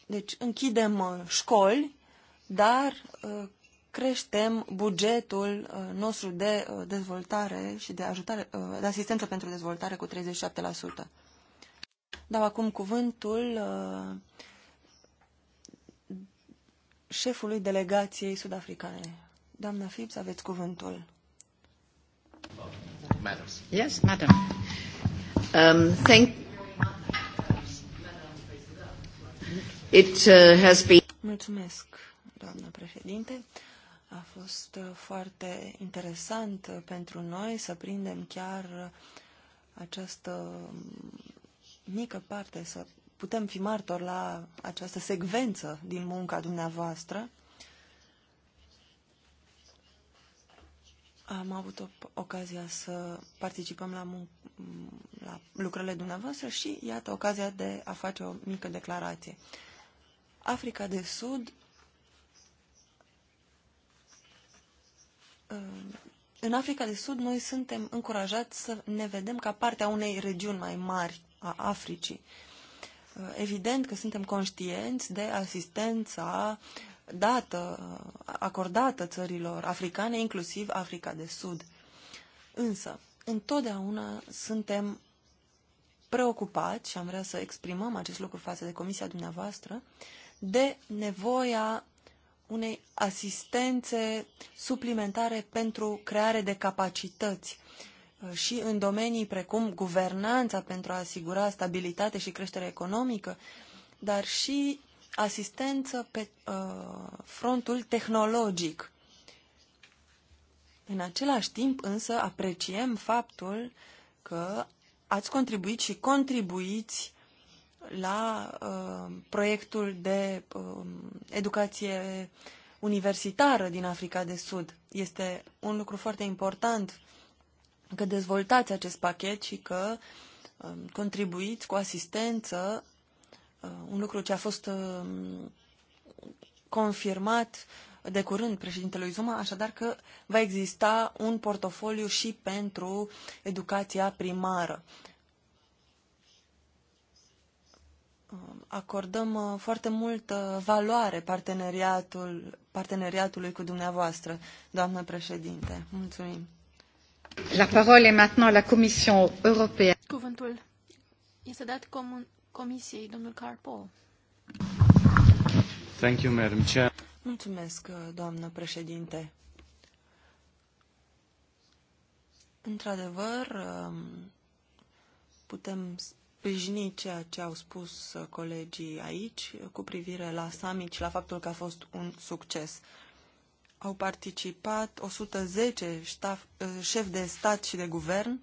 Deci închidem uh, școli, dar uh, creștem bugetul uh, nostru de uh, dezvoltare și de, ajutare, uh, de asistență pentru dezvoltare cu 37%. Dau acum cuvântul șefului delegației sud-africane. Doamna Fips, aveți cuvântul. Yes, madam. Um, thank It uh, has been... Mulțumesc, doamna președinte. Uh, a fost uh, foarte interesant uh, pentru noi să prindem chiar uh, această mm, mică parte, să putem fi martori la această secvență din munca dumneavoastră. Am avut o, ocazia să participăm la, mm, la lucrările dumneavoastră și, iată, ocazia de a face o mică declarație. Africa de Sud în Africa de Sud noi suntem încurajați să ne vedem ca partea unei regiuni mai mari a Africii. Uh, evident că suntem conștienți de asistența dată, acordată țărilor africane, inclusiv Africa de Sud. Însă, întotdeauna suntem preocupați, și am vrea să exprimăm acest lucru față de comisia dumneavoastră, de nevoia unei asistențe suplimentare pentru creare de capacități uh, și în domenii precum guvernanța pentru a asigura stabilitate și creștere economică, dar și asistență pe uh, frontul tehnologic. În același timp, însă, apreciem faptul că ați contribuit și contribuiți la uh, proiectul de uh, educație universitară din Africa de Sud. Este un lucru foarte important că dezvoltați acest pachet și că uh, contribuiți cu asistență, uh, un lucru ce a fost uh, confirmat de curând președintelui Zuma, așadar că va exista un portofoliu și pentru educația primară. acordăm uh, foarte multă valoare parteneriatul, parteneriatului cu dumneavoastră, doamnă președinte. Mulțumim. La parole est maintenant la Commission européenne. Cuvântul este dat Comisiei, domnul Carpo. Thank you, Madam Chair. Mulțumesc, uh, doamnă președinte. Într-adevăr, um, putem sprijini ceea ce au spus uh, colegii aici cu privire la summit și la faptul că a fost un succes. Au participat 110 ștaf, uh, șefi de stat și de guvern,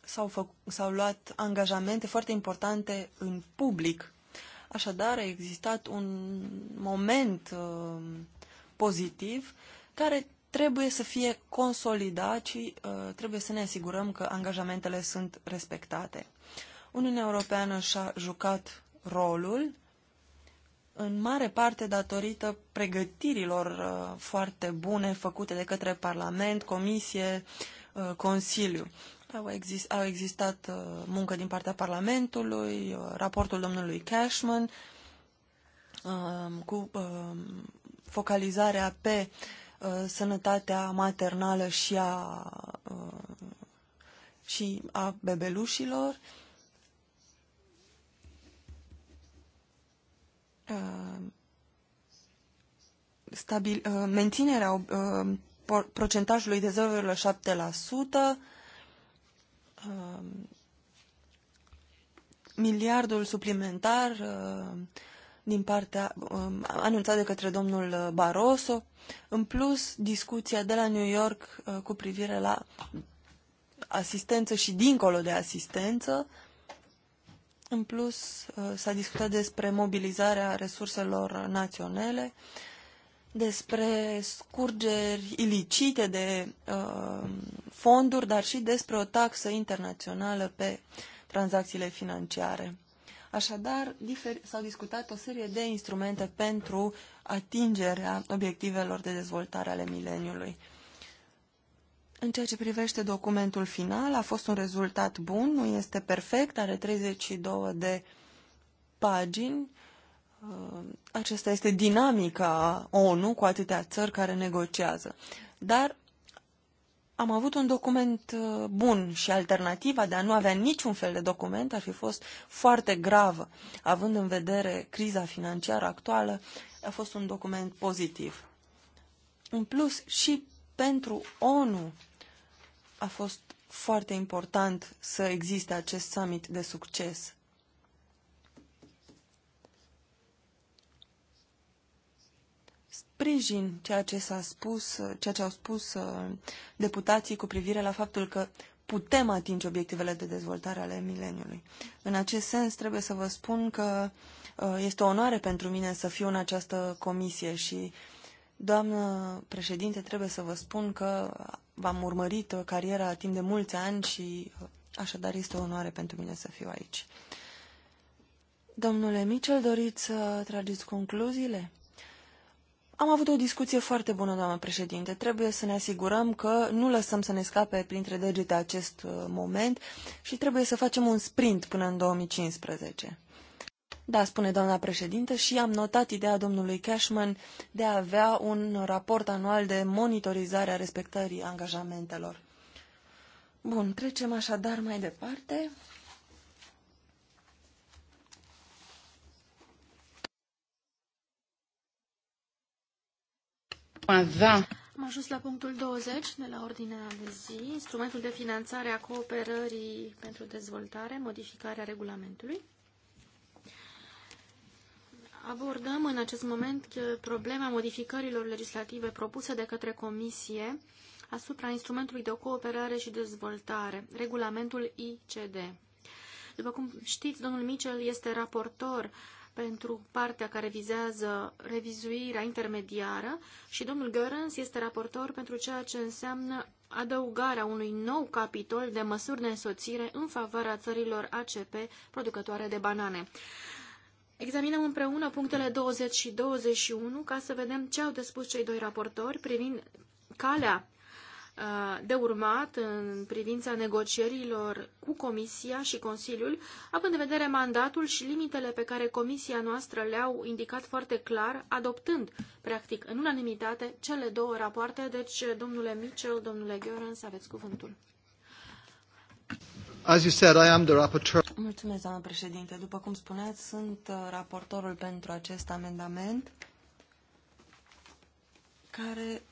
s-au, luat angajamente foarte importante în public. Așadar, a existat un moment uh, pozitiv care trebuie să fie consolidat și uh, trebuie să ne asigurăm că angajamentele sunt respectate. Uniunea Europeană și-a jucat rolul în mare parte datorită pregătirilor uh, foarte bune făcute de către Parlament, Comisie, uh, Consiliu. Au, exist, au existat uh, muncă din partea Parlamentului, raportul domnului Cashman um, cu um, focalizarea pe sănătatea maternală și a, și a bebelușilor, Uh, stabil, uh, menținerea uh, procentajului de 0,7% miliardul suplimentar din partea um, anunțat de către domnul Barroso, în plus discuția de la New York cu privire la asistență și dincolo de asistență, în plus, uh, s-a discutat despre mobilizarea resurselor naționale, despre scurgeri ilicite de uh, fonduri, dar și despre o taxă internațională pe tranzacțiile financiare. Așadar, s-au discutat o serie de instrumente pentru atingerea obiectivelor de dezvoltare ale mileniului. În ceea ce privește documentul final, a fost un rezultat bun, nu este perfect, are 32 de pagini. Uh, Acesta este dinamica ONU cu atâtea țări care negociază. Dar am avut un document uh, bun și alternativa de a nu avea niciun fel de document ar fi fost foarte gravă. Având în vedere criza financiară actuală, a fost un document pozitiv. În plus, și pentru ONU a fost foarte important să existe acest summit de succes. Sprijin ceea ce s-a spus, ceea ce au spus uh, deputații cu privire la faptul că putem atinge obiectivele de dezvoltare ale mileniului. În acest sens, trebuie să vă spun că uh, este o onoare pentru mine să fiu în această comisie și uh, Doamnă președinte, trebuie să vă spun că v-am urmărit cariera timp de mulți ani și uh, așadar este o onoare pentru mine să fiu aici. Domnule Mitchell, doriți să trageți concluziile? Am avut o discuție foarte bună, doamnă președinte. Trebuie să ne asigurăm că nu lăsăm să ne scape printre degete acest uh, moment și trebuie să facem un sprint până în 2015. Da, spune doamna președinte, și am notat ideea domnului Cashman de a avea un raport anual de monitorizare a respectării angajamentelor. Bun, trecem așadar mai departe. Da. Am ajuns la punctul 20 de la ordinea de zi, instrumentul de finanțare a cooperării pentru dezvoltare, modificarea regulamentului. Abordăm în acest moment problema modificărilor legislative propuse de către Comisie asupra instrumentului de cooperare și dezvoltare, regulamentul ICD. După cum știți, domnul Mitchell este raportor pentru partea care vizează revizuirea intermediară și domnul Görens este raportor pentru ceea ce înseamnă adăugarea unui nou capitol de măsuri de însoțire în favoarea țărilor ACP producătoare de banane. Examinăm împreună punctele 20 și 21 ca să vedem ce au de spus cei doi raportori privind calea uh, de urmat în privința negocierilor cu Comisia și Consiliul, având în vedere mandatul și limitele pe care Comisia noastră le-au indicat foarte clar, adoptând, practic, în unanimitate, cele două rapoarte. Deci, domnule Mitchell, domnule Gheorens, aveți cuvântul. As you said, I am the rapporteur. Mulțumesc, doamnă președinte. După cum spuneați, sunt uh, raportorul pentru acest amendament care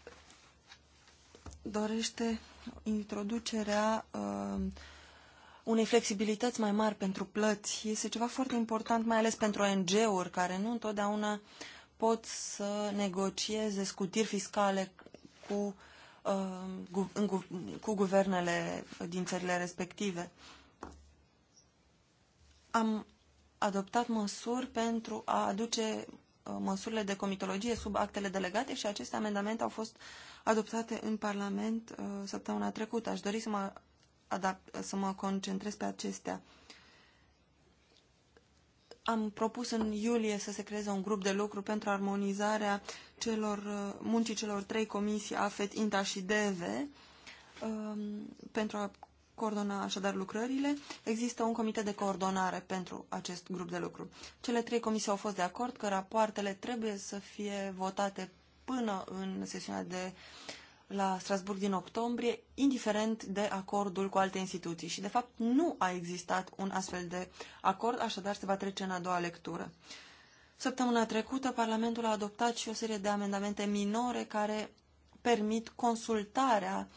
dorește introducerea uh, unei flexibilități mai mari pentru plăți. Este ceva foarte important, mai ales pentru ONG-uri, care nu întotdeauna pot să negocieze scutiri fiscale cu Uh, cu guvernele din țările respective. Am adoptat măsuri pentru a aduce uh, măsurile de comitologie sub actele delegate și aceste amendamente au fost adoptate în Parlament uh, săptămâna trecută. Aș dori să mă, adapt, să mă concentrez pe acestea am propus în iulie să se creeze un grup de lucru pentru armonizarea celor, uh, muncii celor trei comisii, AFET, INTA și DEVE, um, pentru a coordona așadar lucrările. Există un comitet de coordonare pentru acest grup de lucru. Cele trei comisii au fost de acord că rapoartele trebuie să fie votate până în sesiunea de la Strasburg din octombrie, indiferent de acordul cu alte instituții. Și, de fapt, nu a existat un astfel de acord, așadar se va trece în a doua lectură. Săptămâna trecută, Parlamentul a adoptat și o serie de amendamente minore care permit consultarea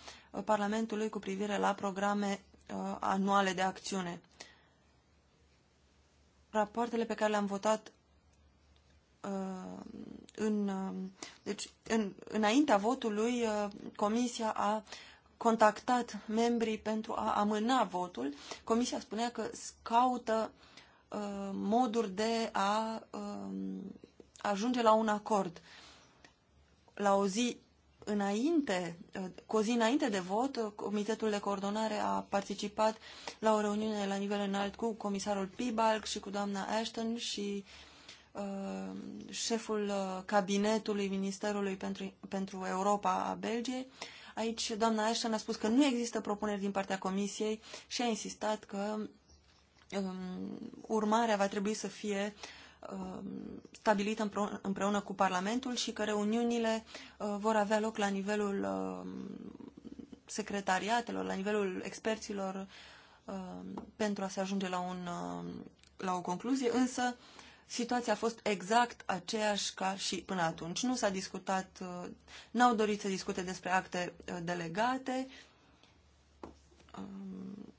Parlamentului cu privire la programe uh, anuale de acțiune. Rapoartele pe care le-am votat uh, în, um, deci, în, înaintea votului, uh, Comisia a contactat membrii pentru a amâna votul. Comisia spunea că caută uh, moduri de a uh, ajunge la un acord. La o zi înainte, uh, cu o zi înainte de vot, uh, Comitetul de Coordonare a participat la o reuniune la nivel înalt cu comisarul Pibalc și cu doamna Ashton și Uh, șeful uh, cabinetului Ministerului pentru, pentru Europa a Belgiei. Aici doamna Ashton a spus că nu există propuneri din partea Comisiei și a insistat că um, urmarea va trebui să fie um, stabilită împreună cu Parlamentul și că reuniunile uh, vor avea loc la nivelul uh, secretariatelor, la nivelul experților uh, pentru a se ajunge la, un, um, la o concluzie, însă uh, situația a fost exact aceeași ca și până atunci. Nu s-a discutat, uh, n-au dorit să discute despre acte uh, delegate. Um,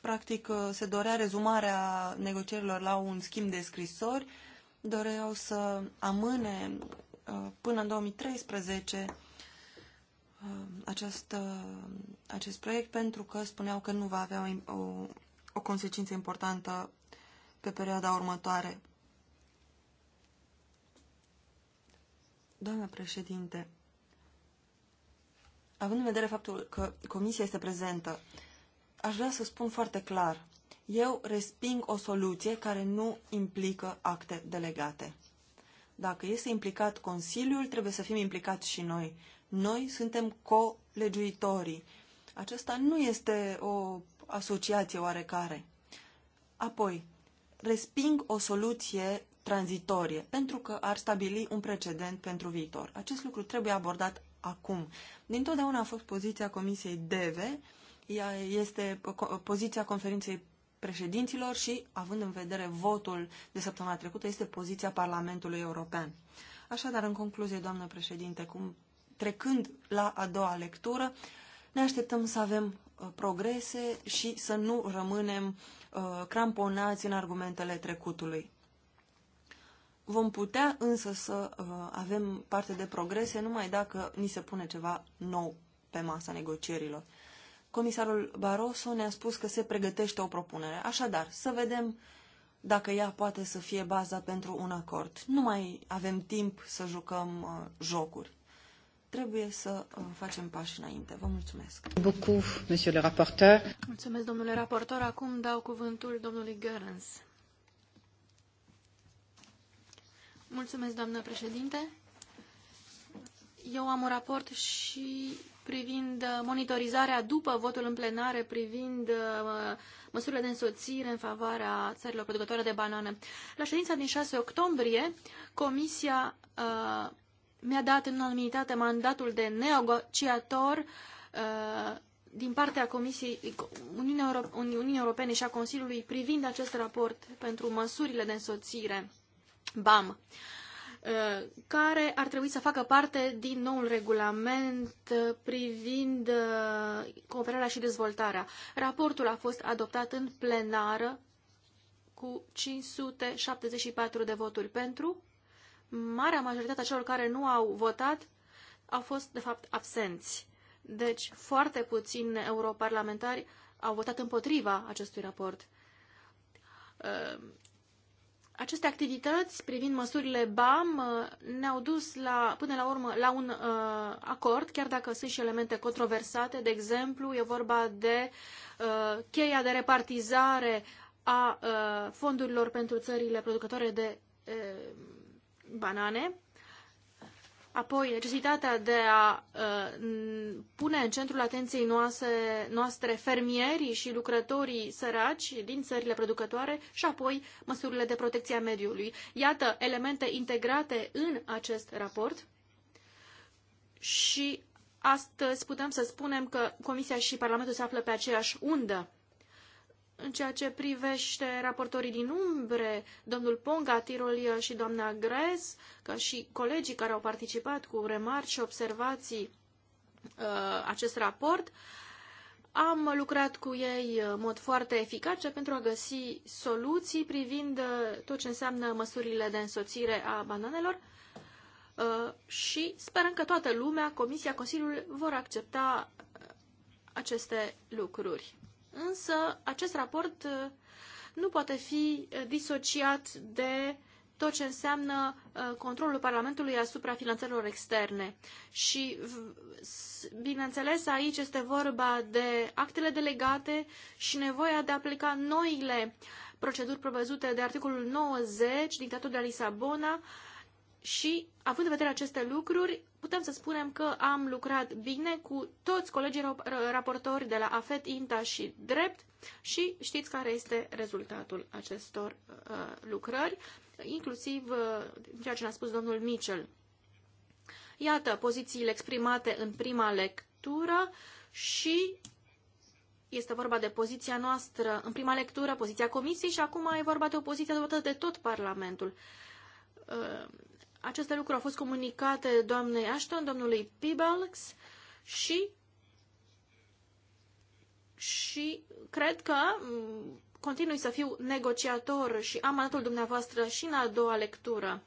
practic, uh, se dorea rezumarea negocierilor la un schimb de scrisori. Doreau să amâne până în 2013 acest, acest proiect pentru că spuneau că nu va avea o, o, o consecință importantă pe perioada următoare. Doamna președinte, având în vedere faptul că comisia este prezentă, aș vrea să spun foarte clar. Eu resping o soluție care nu implică acte delegate. Dacă este implicat Consiliul, trebuie să fim implicați și noi. Noi suntem colegiuitorii. Aceasta nu este o asociație oarecare. Apoi, resping o soluție tranzitorie, pentru că ar stabili un precedent pentru viitor. Acest lucru trebuie abordat acum. Dintotdeauna a fost poziția Comisiei DEVE, ea este poziția conferinței președinților și, având în vedere votul de săptămâna trecută, este poziția Parlamentului European. Așadar, în concluzie, doamnă președinte, cum trecând la a doua lectură, ne așteptăm să avem uh, progrese și să nu rămânem uh, cramponați în argumentele trecutului. Vom putea însă să uh, avem parte de progrese numai dacă ni se pune ceva nou pe masa negocierilor. Comisarul Barroso ne-a spus că se pregătește o propunere. Așadar, să vedem dacă ea poate să fie baza pentru un acord. Nu mai avem timp să jucăm jocuri trebuie să uh, facem pași înainte. Vă mulțumesc. Beaucoup, monsieur le rapporteur. Mulțumesc, domnule raportor. Acum dau cuvântul domnului Görens. Mulțumesc, doamnă președinte. Eu am un raport și privind uh, monitorizarea după votul în plenare, privind uh, măsurile de însoțire în favoarea țărilor producătoare de banane. La ședința din 6 octombrie, Comisia mi-a dat în unanimitate mandatul de negociator uh, din partea Comisiei Uniunii, Europene și a Consiliului privind acest raport pentru măsurile de însoțire BAM, uh, care ar trebui să facă parte din noul regulament uh, privind cooperarea și dezvoltarea. Raportul a fost adoptat în plenară cu 574 de voturi pentru, marea majoritate a celor care nu au votat au fost, de fapt, absenți. Deci, foarte puțini europarlamentari au votat împotriva acestui raport. Uh, aceste activități privind măsurile BAM uh, ne-au dus la, până la urmă la un uh, acord, chiar dacă sunt și elemente controversate. De exemplu, e vorba de uh, cheia de repartizare a uh, fondurilor pentru țările producătoare de uh, banane, apoi necesitatea de a uh, pune în centrul atenției noastre, noastre fermierii și lucrătorii săraci din țările producătoare și apoi măsurile de protecție a mediului. Iată elemente integrate în acest raport și astăzi putem să spunem că Comisia și Parlamentul se află pe aceeași undă în ceea ce privește raportorii din umbre, domnul Ponga, Tirol și doamna Grez, ca și colegii care au participat cu remarci și observații uh, acest raport, am lucrat cu ei în mod foarte eficace pentru a găsi soluții privind uh, tot ce înseamnă măsurile de însoțire a bananelor uh, și sperăm că toată lumea, Comisia, Consiliul vor accepta aceste lucruri însă acest raport uh, nu poate fi uh, disociat de tot ce înseamnă uh, controlul Parlamentului asupra finanțelor externe. Și, bineînțeles, aici este vorba de actele delegate și nevoia de a aplica noile proceduri prevăzute de articolul 90 din Tratatul de Lisabona și, având în vedere aceste lucruri, putem să spunem că am lucrat bine cu toți colegii raportori de la AFET, INTA și DREPT și știți care este rezultatul acestor uh, lucrări, inclusiv uh, ceea ce ne-a spus domnul Mitchell. Iată pozițiile exprimate în prima lectură și este vorba de poziția noastră în prima lectură, poziția Comisiei și acum e vorba de o poziție adoptată de tot Parlamentul. Uh, aceste lucruri au fost comunicate doamnei Ashton, domnului Peebles și și cred că mm, continui să fiu negociator și am mandatul dumneavoastră și în a doua lectură.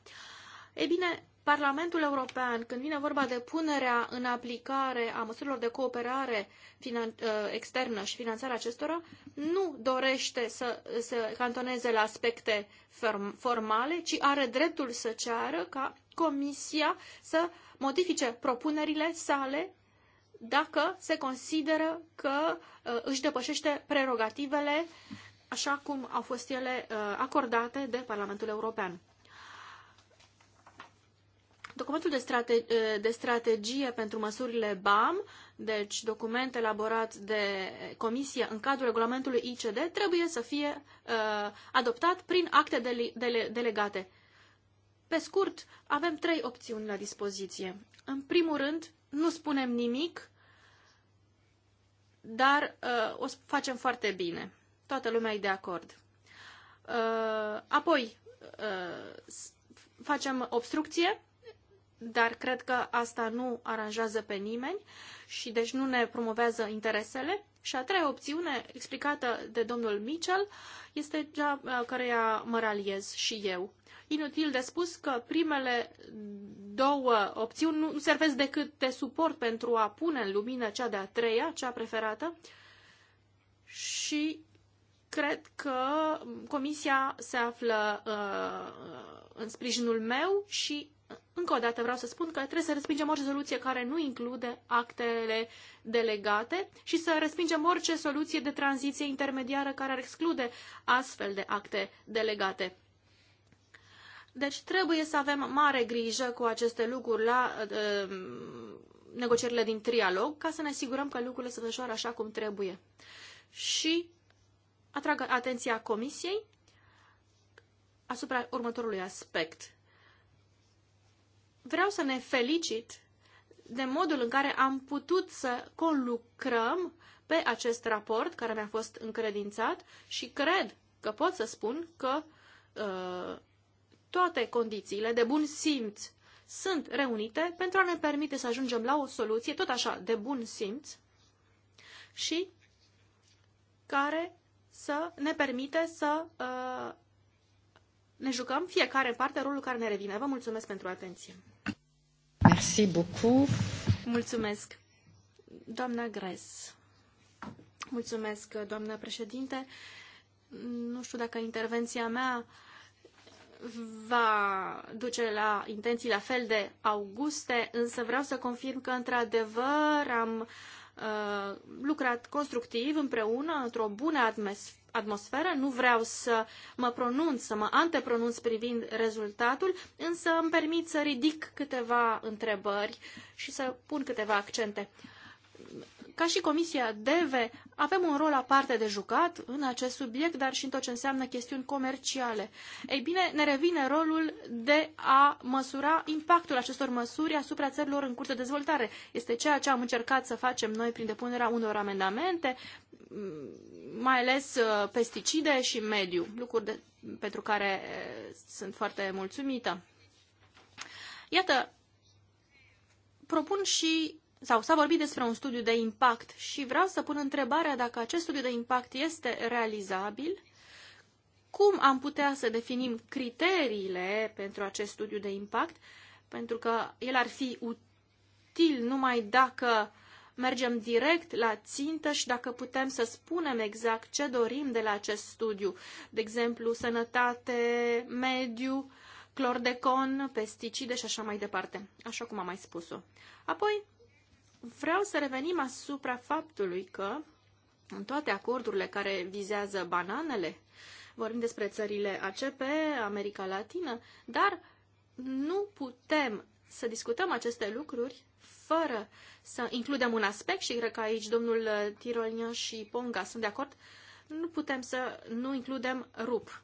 E bine, Parlamentul European, când vine vorba de punerea în aplicare a măsurilor de cooperare ă, externă și finanțarea acestora, nu dorește să se cantoneze la aspecte formale, ci are dreptul să ceară ca Comisia să modifice propunerile sale dacă se consideră că ă, își depășește prerogativele așa cum au fost ele ă, acordate de Parlamentul European. Documentul de, strate, de strategie pentru măsurile BAM, deci document elaborat de Comisie în cadrul regulamentului ICD, trebuie să fie uh, adoptat prin acte dele, dele, delegate. Pe scurt, avem trei opțiuni la dispoziție. În primul rând, nu spunem nimic, dar uh, o facem foarte bine. Toată lumea e de acord. Uh, apoi, uh, facem obstrucție dar cred că asta nu aranjează pe nimeni și deci nu ne promovează interesele. Și a treia opțiune, explicată de domnul Mitchell, este cea căreia mă raliez și eu. Inutil de spus că primele două opțiuni nu servesc decât de suport pentru a pune în lumină cea de-a treia, cea preferată, și cred că comisia se află uh, în sprijinul meu și încă o dată vreau să spun că trebuie să respingem orice soluție care nu include actele delegate și să respingem orice soluție de tranziție intermediară care ar exclude astfel de acte delegate. Deci trebuie să avem mare grijă cu aceste lucruri la uh, negocierile din trialog ca să ne asigurăm că lucrurile se desfășoară așa cum trebuie. Și atrag atenția Comisiei asupra următorului aspect – Vreau să ne felicit de modul în care am putut să conlucrăm pe acest raport care mi-a fost încredințat și cred că pot să spun că uh, toate condițiile de bun simț sunt reunite pentru a ne permite să ajungem la o soluție tot așa de bun simț și care să ne permite să uh, ne jucăm fiecare în parte rolul care ne revine. Vă mulțumesc pentru atenție. Merci beaucoup. Mulțumesc. Doamna Gres. Mulțumesc, doamna președinte. Nu știu dacă intervenția mea va duce la intenții la fel de auguste, însă vreau să confirm că, într-adevăr, am uh, lucrat constructiv împreună, într-o bună atmosferă atmosferă, nu vreau să mă pronunț, să mă antepronunț privind rezultatul, însă îmi permit să ridic câteva întrebări și să pun câteva accente. Ca și Comisia DEVE, avem un rol aparte de jucat în acest subiect, dar și în tot ce înseamnă chestiuni comerciale. Ei bine, ne revine rolul de a măsura impactul acestor măsuri asupra țărilor în curs de dezvoltare. Este ceea ce am încercat să facem noi prin depunerea unor amendamente, mai ales uh, pesticide și mediu, lucruri de, pentru care uh, sunt foarte mulțumită. Iată, propun și, sau s-a vorbit despre un studiu de impact și vreau să pun întrebarea dacă acest studiu de impact este realizabil, cum am putea să definim criteriile pentru acest studiu de impact, pentru că el ar fi util numai dacă uh, mergem direct la țintă și dacă putem să spunem exact ce dorim de la acest studiu. De exemplu, sănătate, mediu, clordecon, pesticide și așa mai departe, așa cum am mai spus-o. Apoi, vreau să revenim asupra faptului că în toate acordurile care vizează bananele, vorbim despre țările ACP, America Latină, dar nu putem să discutăm aceste lucruri fără să includem un aspect, și cred că aici domnul uh, Tirolnia și Ponga sunt de acord, nu putem să nu includem RUP.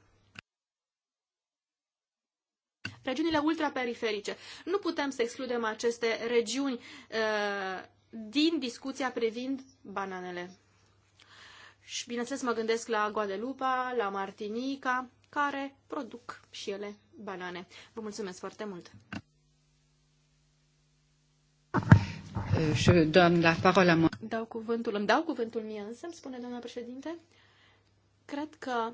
Regiunile ultraperiferice. Nu putem să excludem aceste regiuni uh, din discuția privind bananele. Și bineînțeles mă gândesc la Guadelupa, la Martinica, care produc și ele banane. Vă mulțumesc foarte mult! Euh, je donne la parole à moi. Dau cuvântul, îmi dau cuvântul mie însă, îmi spune doamna președinte. Cred că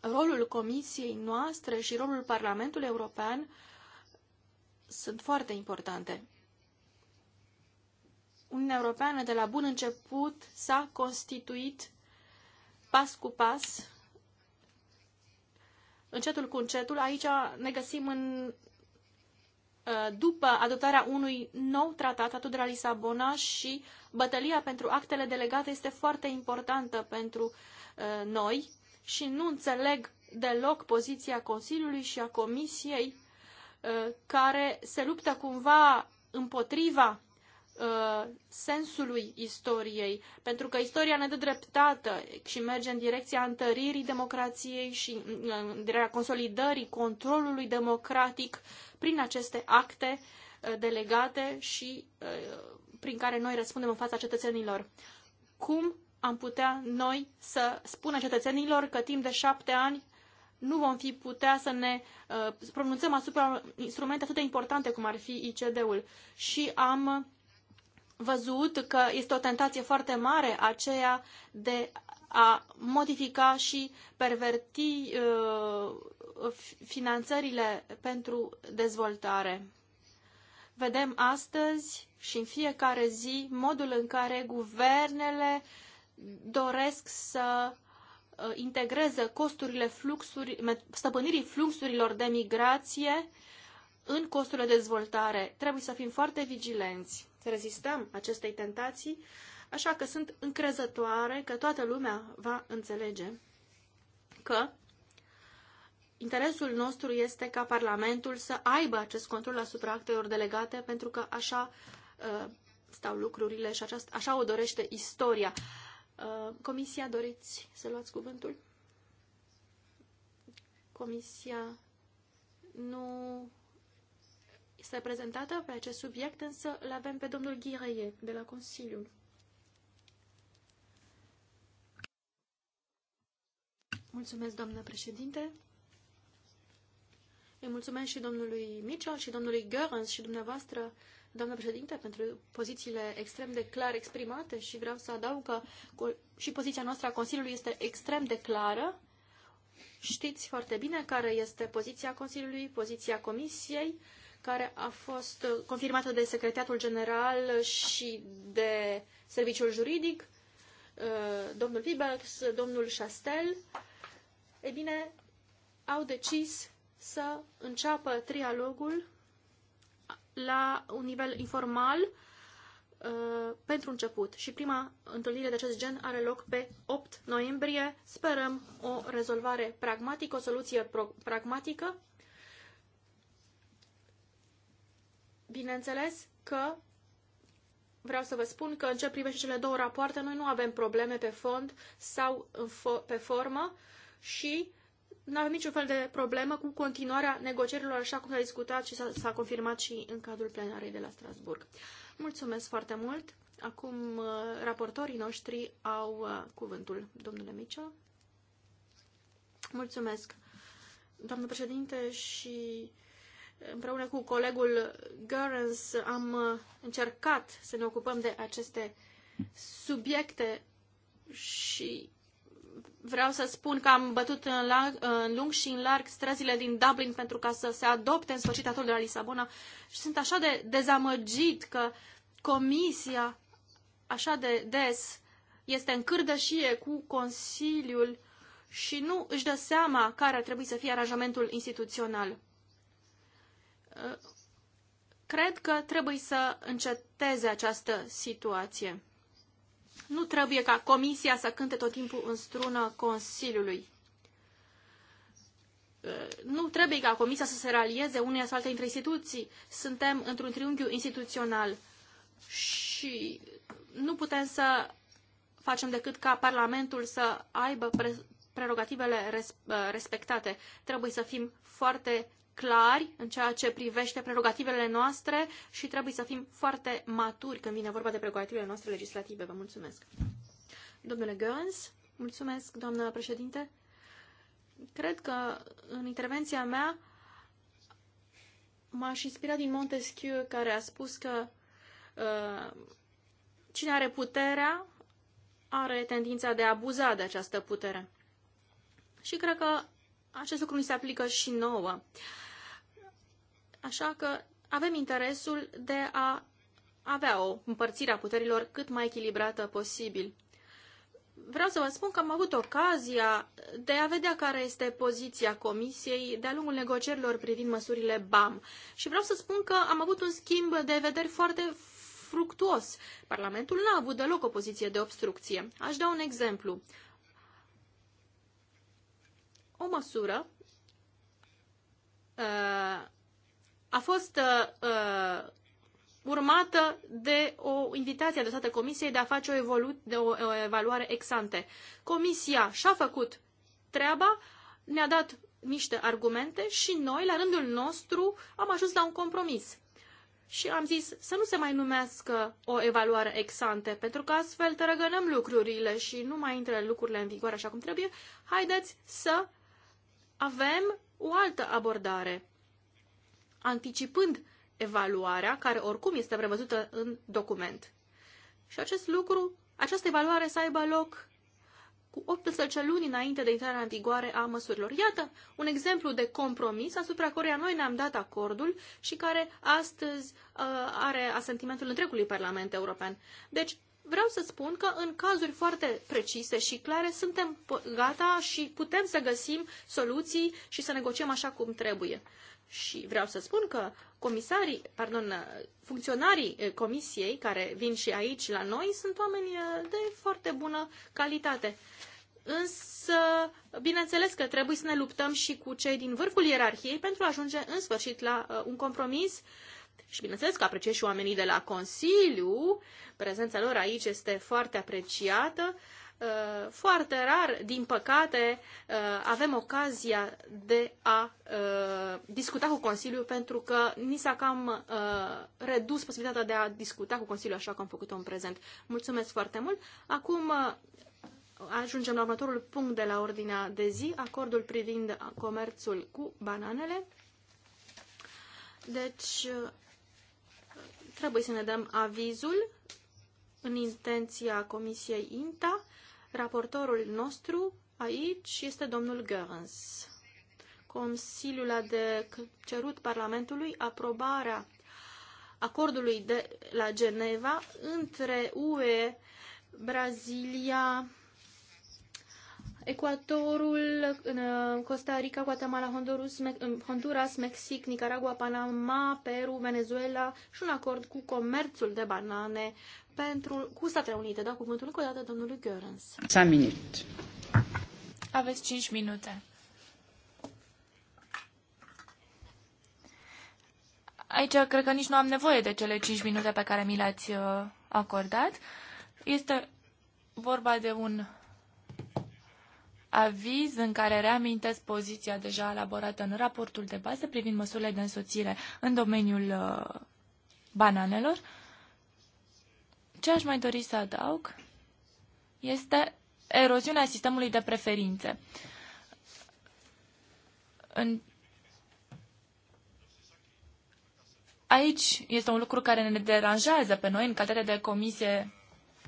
rolul comisiei noastre și rolul Parlamentului European sunt foarte importante. Uniunea Europeană de la bun început s-a constituit pas cu pas, încetul cu încetul. Aici ne găsim în Uh, după adoptarea unui nou tratat, atât de la Lisabona, și bătălia pentru actele delegate este foarte importantă pentru uh, noi și nu înțeleg deloc poziția Consiliului și a Comisiei uh, care se luptă cumva împotriva Uh, sensului istoriei, pentru că istoria ne dă dreptată și merge în direcția întăririi democrației și uh, în direcția consolidării controlului democratic prin aceste acte uh, delegate și prin care noi răspundem în fața cetățenilor. Cum am putea noi să spunem cetățenilor că timp de șapte ani nu vom fi putea să ne uh, pronunțăm asupra instrumente atât de importante cum ar fi ICD-ul. Și am văzut că este o tentație foarte mare aceea de a modifica și perverti uh, finanțările pentru dezvoltare. Vedem astăzi și în fiecare zi modul în care guvernele doresc să uh, integreze costurile fluxuri, stăpânirii fluxurilor de migrație în costurile de dezvoltare. Trebuie să fim foarte vigilenți să rezistăm acestei tentații, așa că sunt încrezătoare că toată lumea va înțelege că interesul nostru este ca Parlamentul să aibă acest control asupra actelor delegate, pentru că așa uh, stau lucrurile și aceast- așa o dorește istoria. Uh, comisia, doriți să luați cuvântul? Comisia nu este prezentată pe acest subiect, însă îl avem pe domnul Ghireie, de la Consiliul. Mulțumesc, doamnă președinte. Îi mulțumesc și domnului Mitchell și domnului Görans și dumneavoastră, doamnă președinte, pentru pozițiile extrem de clar exprimate și vreau să adaug că și poziția noastră a Consiliului este extrem de clară. Știți foarte bine care este poziția Consiliului, poziția Comisiei care a fost uh, confirmată de Secretariatul General și de Serviciul Juridic, uh, domnul Vibax, domnul Chastel, e bine, au decis să înceapă trialogul la un nivel informal uh, pentru început. Și prima întâlnire de acest gen are loc pe 8 noiembrie. Sperăm o rezolvare pragmatică, o soluție pragmatică Bineînțeles că vreau să vă spun că în ce privește cele două rapoarte, noi nu avem probleme pe fond sau fo pe formă și nu avem niciun fel de problemă cu continuarea negocierilor, așa cum s-a discutat și s-a confirmat și în cadrul plenarei de la Strasburg. Mulțumesc foarte mult! Acum uh, raportorii noștri au uh, cuvântul. Domnule Mitchell. Mulțumesc, doamnă președinte, și Împreună cu colegul Görens am uh, încercat să ne ocupăm de aceste subiecte și vreau să spun că am bătut în, larg, în lung și în larg străzile din Dublin pentru ca să se adopte în sfârșit atul de la Lisabona și sunt așa de dezamăgit că Comisia așa de des este în cârdășie cu Consiliul și nu își dă seama care ar trebui să fie aranjamentul instituțional. Cred că trebuie să înceteze această situație. Nu trebuie ca Comisia să cânte tot timpul în strună Consiliului. Nu trebuie ca Comisia să se ralieze unei sau alte între instituții. Suntem într-un triunghiu instituțional și nu putem să facem decât ca Parlamentul să aibă prerogativele respectate. Trebuie să fim foarte clari în ceea ce privește prerogativele noastre și trebuie să fim foarte maturi când vine vorba de prerogativele noastre legislative. Vă mulțumesc. Domnule Goens, mulțumesc, doamnă președinte. Cred că în intervenția mea m-aș inspira din Montesquieu, care a spus că uh, cine are puterea are tendința de a abuza de această putere. Și cred că acest lucru ni se aplică și nouă. Așa că avem interesul de a avea o împărțire a puterilor cât mai echilibrată posibil. Vreau să vă spun că am avut ocazia de a vedea care este poziția Comisiei de-a lungul negocierilor privind măsurile BAM. Și vreau să spun că am avut un schimb de vederi foarte fructuos. Parlamentul nu a avut deloc o poziție de obstrucție. Aș da un exemplu o măsură uh, a fost uh, urmată de o invitație adresată Comisiei de a face o, evolu- de o, o evaluare ex ante. Comisia și-a făcut treaba, ne-a dat niște argumente și noi, la rândul nostru, am ajuns la un compromis. Și am zis să nu se mai numească o evaluare ex ante, pentru că astfel tărăgănăm lucrurile și nu mai intră lucrurile în vigoare așa cum trebuie. Haideți să avem o altă abordare, anticipând evaluarea, care oricum este prevăzută în document. Și acest lucru, această evaluare să aibă loc cu 18 luni înainte de intrarea în vigoare a măsurilor. Iată un exemplu de compromis asupra căruia noi ne-am dat acordul și care astăzi uh, are asentimentul întregului Parlament European. Deci, vreau să spun că în cazuri foarte precise și clare suntem gata și putem să găsim soluții și să negociem așa cum trebuie. Și vreau să spun că comisarii, pardon, funcționarii eh, comisiei care vin și aici la noi sunt oameni eh, de foarte bună calitate. Însă, bineînțeles că trebuie să ne luptăm și cu cei din vârful ierarhiei pentru a ajunge în sfârșit la eh, un compromis și bineînțeles că apreciez și oamenii de la Consiliu, prezența lor aici este foarte apreciată. Uh, foarte rar, din păcate, uh, avem ocazia de a uh, discuta cu Consiliul pentru că ni s-a cam redus posibilitatea de a discuta cu Consiliul așa cum am făcut-o în prezent. Mulțumesc foarte mult! Acum ajungem la următorul punct de la ordinea de zi, acordul privind comerțul cu bananele. Deci, Trebuie să ne dăm avizul în intenția Comisiei INTA. Raportorul nostru aici este domnul Görens. Consiliul a de cerut Parlamentului aprobarea acordului de la Geneva între UE, Brazilia, Ecuatorul, uh, Costa Rica, Guatemala, Honduras, Honduras, Mexic, Nicaragua, Panama, Peru, Venezuela și un acord cu comerțul de banane pentru, cu Statele Unite. Dau cuvântul încă o dată domnului Görens. 5 minute. Aveți 5 minute. Aici cred că nici nu am nevoie de cele 5 minute pe care mi le-ați uh, acordat. Este vorba de un aviz în care reamintesc poziția deja elaborată în raportul de bază privind măsurile de însoțire în domeniul uh, bananelor. Ce aș mai dori să adaug este eroziunea sistemului de preferințe. În Aici este un lucru care ne deranjează pe noi în calitate de comisie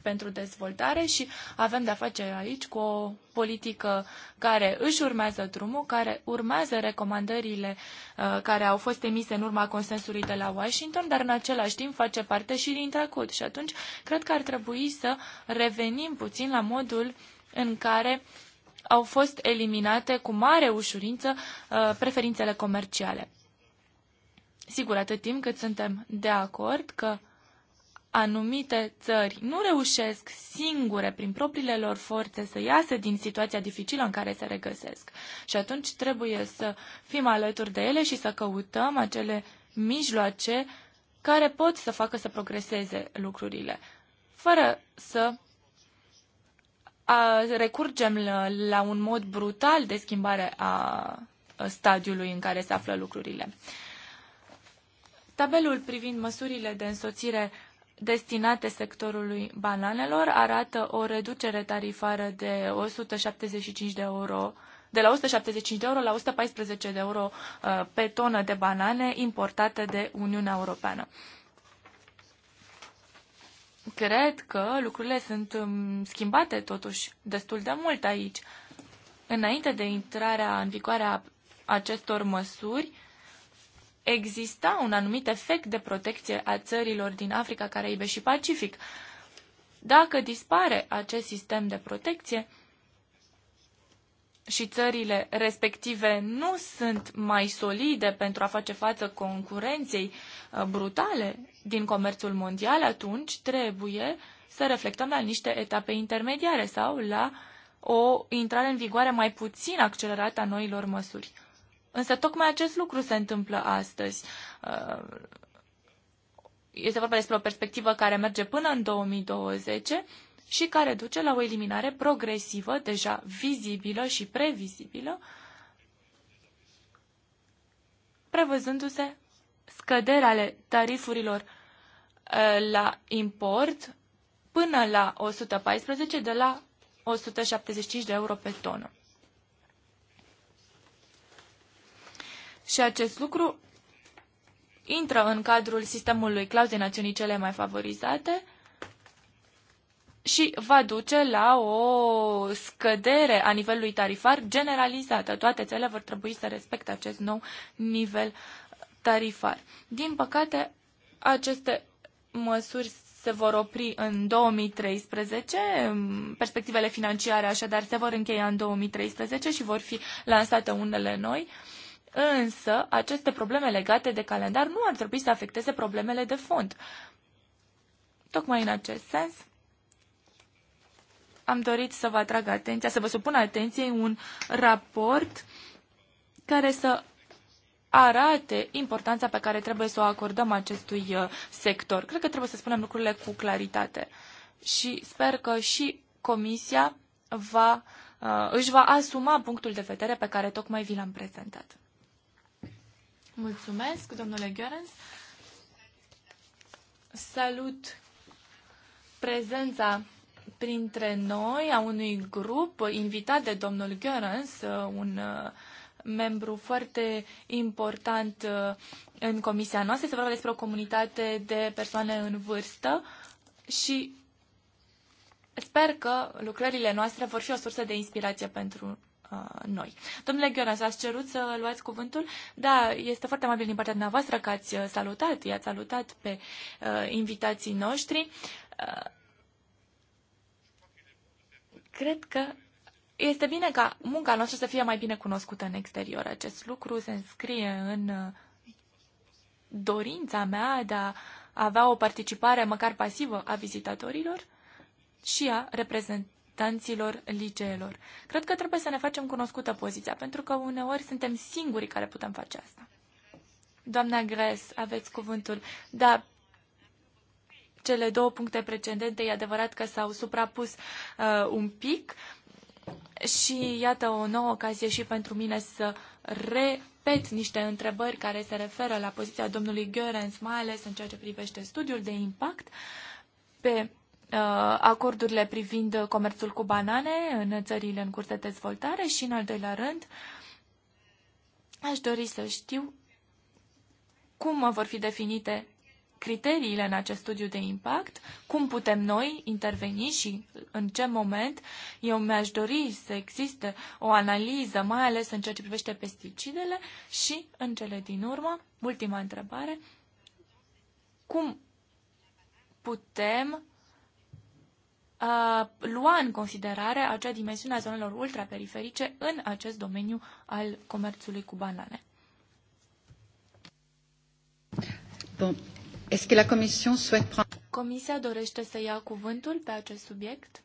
pentru dezvoltare și avem de-a face aici cu o politică care își urmează drumul, care urmează recomandările uh, care au fost emise în urma consensului de la Washington, dar în același timp face parte și din trecut. Și atunci cred că ar trebui să revenim puțin la modul în care au fost eliminate cu mare ușurință uh, preferințele comerciale. Sigur, atât timp cât suntem de acord că anumite țări nu reușesc singure, prin propriile lor forțe, să iasă din situația dificilă în care se regăsesc. Și atunci trebuie să fim alături de ele și să căutăm acele mijloace care pot să facă să progreseze lucrurile, fără să a, recurgem la, la un mod brutal de schimbare a stadiului în care se află lucrurile. Tabelul privind măsurile de însoțire destinate sectorului bananelor arată o reducere tarifară de 175 de euro de la 175 de euro la 114 de euro uh, pe tonă de banane importate de Uniunea Europeană. Cred că lucrurile sunt um, schimbate totuși destul de mult aici. Înainte de intrarea în vigoare a acestor măsuri, exista un anumit efect de protecție a țărilor din Africa, Caraibe și Pacific. Dacă dispare acest sistem de protecție și țările respective nu sunt mai solide pentru a face față concurenței uh, brutale din comerțul mondial, atunci trebuie să reflectăm la niște etape intermediare sau la o intrare în vigoare mai puțin accelerată a noilor măsuri. Însă tocmai acest lucru se întâmplă astăzi. Uh, este vorba despre o perspectivă care merge până în 2020 și care duce la o eliminare progresivă, deja vizibilă și previzibilă, prevăzându-se scăderea ale tarifurilor uh, la import până la 114 de la 175 de euro pe tonă. Și acest lucru intră în cadrul sistemului clauzei națiunii cele mai favorizate și va duce la o scădere a nivelului tarifar generalizată. Toate cele vor trebui să respecte acest nou nivel tarifar. Din păcate, aceste măsuri se vor opri în 2013, perspectivele financiare așadar se vor încheia în 2013 și vor fi lansate unele noi. Uh, Însă, aceste probleme legate de calendar nu ar trebui să afecteze problemele de fond. Tocmai în acest sens, am dorit să vă atrag atenția, să vă supun atenției un raport care să arate importanța pe care trebuie să o acordăm acestui uh, sector. Cred că trebuie să spunem lucrurile cu claritate și sper că și Comisia va, uh, își va asuma punctul de vedere pe care tocmai vi l-am prezentat. Mulțumesc, domnule Görens. Salut prezența printre noi a unui grup invitat de domnul Görens, un uh, membru foarte important uh, în comisia noastră. Se vorba despre o comunitate de persoane în vârstă și sper că lucrările noastre vor fi o sursă de inspirație pentru Uh, noi. Domnule Gheoras, ați cerut să luați cuvântul? Da, este foarte amabil din partea dumneavoastră că ați uh, salutat, i-ați salutat pe uh, invitații noștri. Uh, cred că este bine ca munca noastră să fie mai bine cunoscută în exterior. Acest lucru se înscrie în uh, dorința mea de a avea o participare măcar pasivă a vizitatorilor și a reprezentării reprezentanților liceelor. Cred că trebuie să ne facem cunoscută poziția, pentru că uneori suntem singurii care putem face asta. Doamna Gres, aveți cuvântul. Da, cele două puncte precedente, e adevărat că s-au suprapus uh, un pic și iată o nouă ocazie și pentru mine să repet niște întrebări care se referă la poziția domnului Görens, mai ales în ceea ce privește studiul de impact pe Uh, acordurile privind comerțul cu banane în țările în curs de dezvoltare și, în al doilea rând, aș dori să știu cum vor fi definite criteriile în acest studiu de impact, cum putem noi interveni și în ce moment. Eu mi-aș dori să existe o analiză, mai ales în ceea ce privește pesticidele și, în cele din urmă, ultima întrebare, cum putem a uh, lua în considerare acea dimensiune a zonelor ultraperiferice în acest domeniu al comerțului cu banane. Bun. Est-ce que la Commission souhaite prendre... Comisia dorește să ia cuvântul pe acest subiect?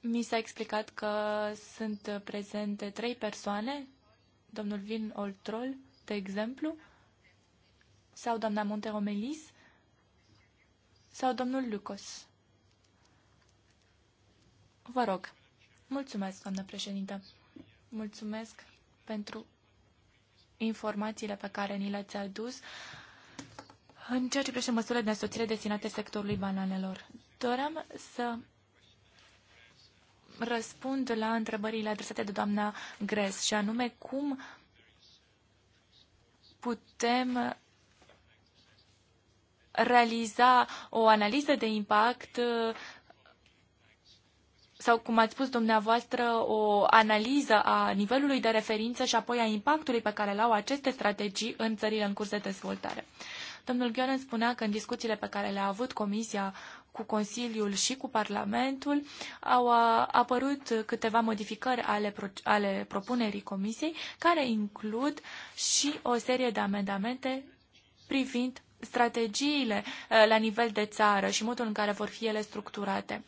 Mi s-a explicat că sunt prezente trei persoane, domnul Vin Oltrol, de exemplu, sau doamna Monteromelis, sau domnul Lucas. Vă rog. Mulțumesc, doamnă președintă. Mulțumesc pentru informațiile pe care ni le-ați adus în ceea ce privește măsurile de asociere destinate sectorului bananelor. Doream să răspund la întrebările adresate de doamna Gres și anume cum putem realiza o analiză de impact sau, cum ați spus dumneavoastră, o analiză a nivelului de referință și apoi a impactului pe care l-au aceste strategii în țările în curs de dezvoltare. Domnul Ghionen spunea că în discuțiile pe care le-a avut Comisia cu Consiliul și cu Parlamentul au apărut câteva modificări ale, pro- ale propunerii Comisiei, care includ și o serie de amendamente privind strategiile eh, la nivel de țară și modul în care vor fi ele structurate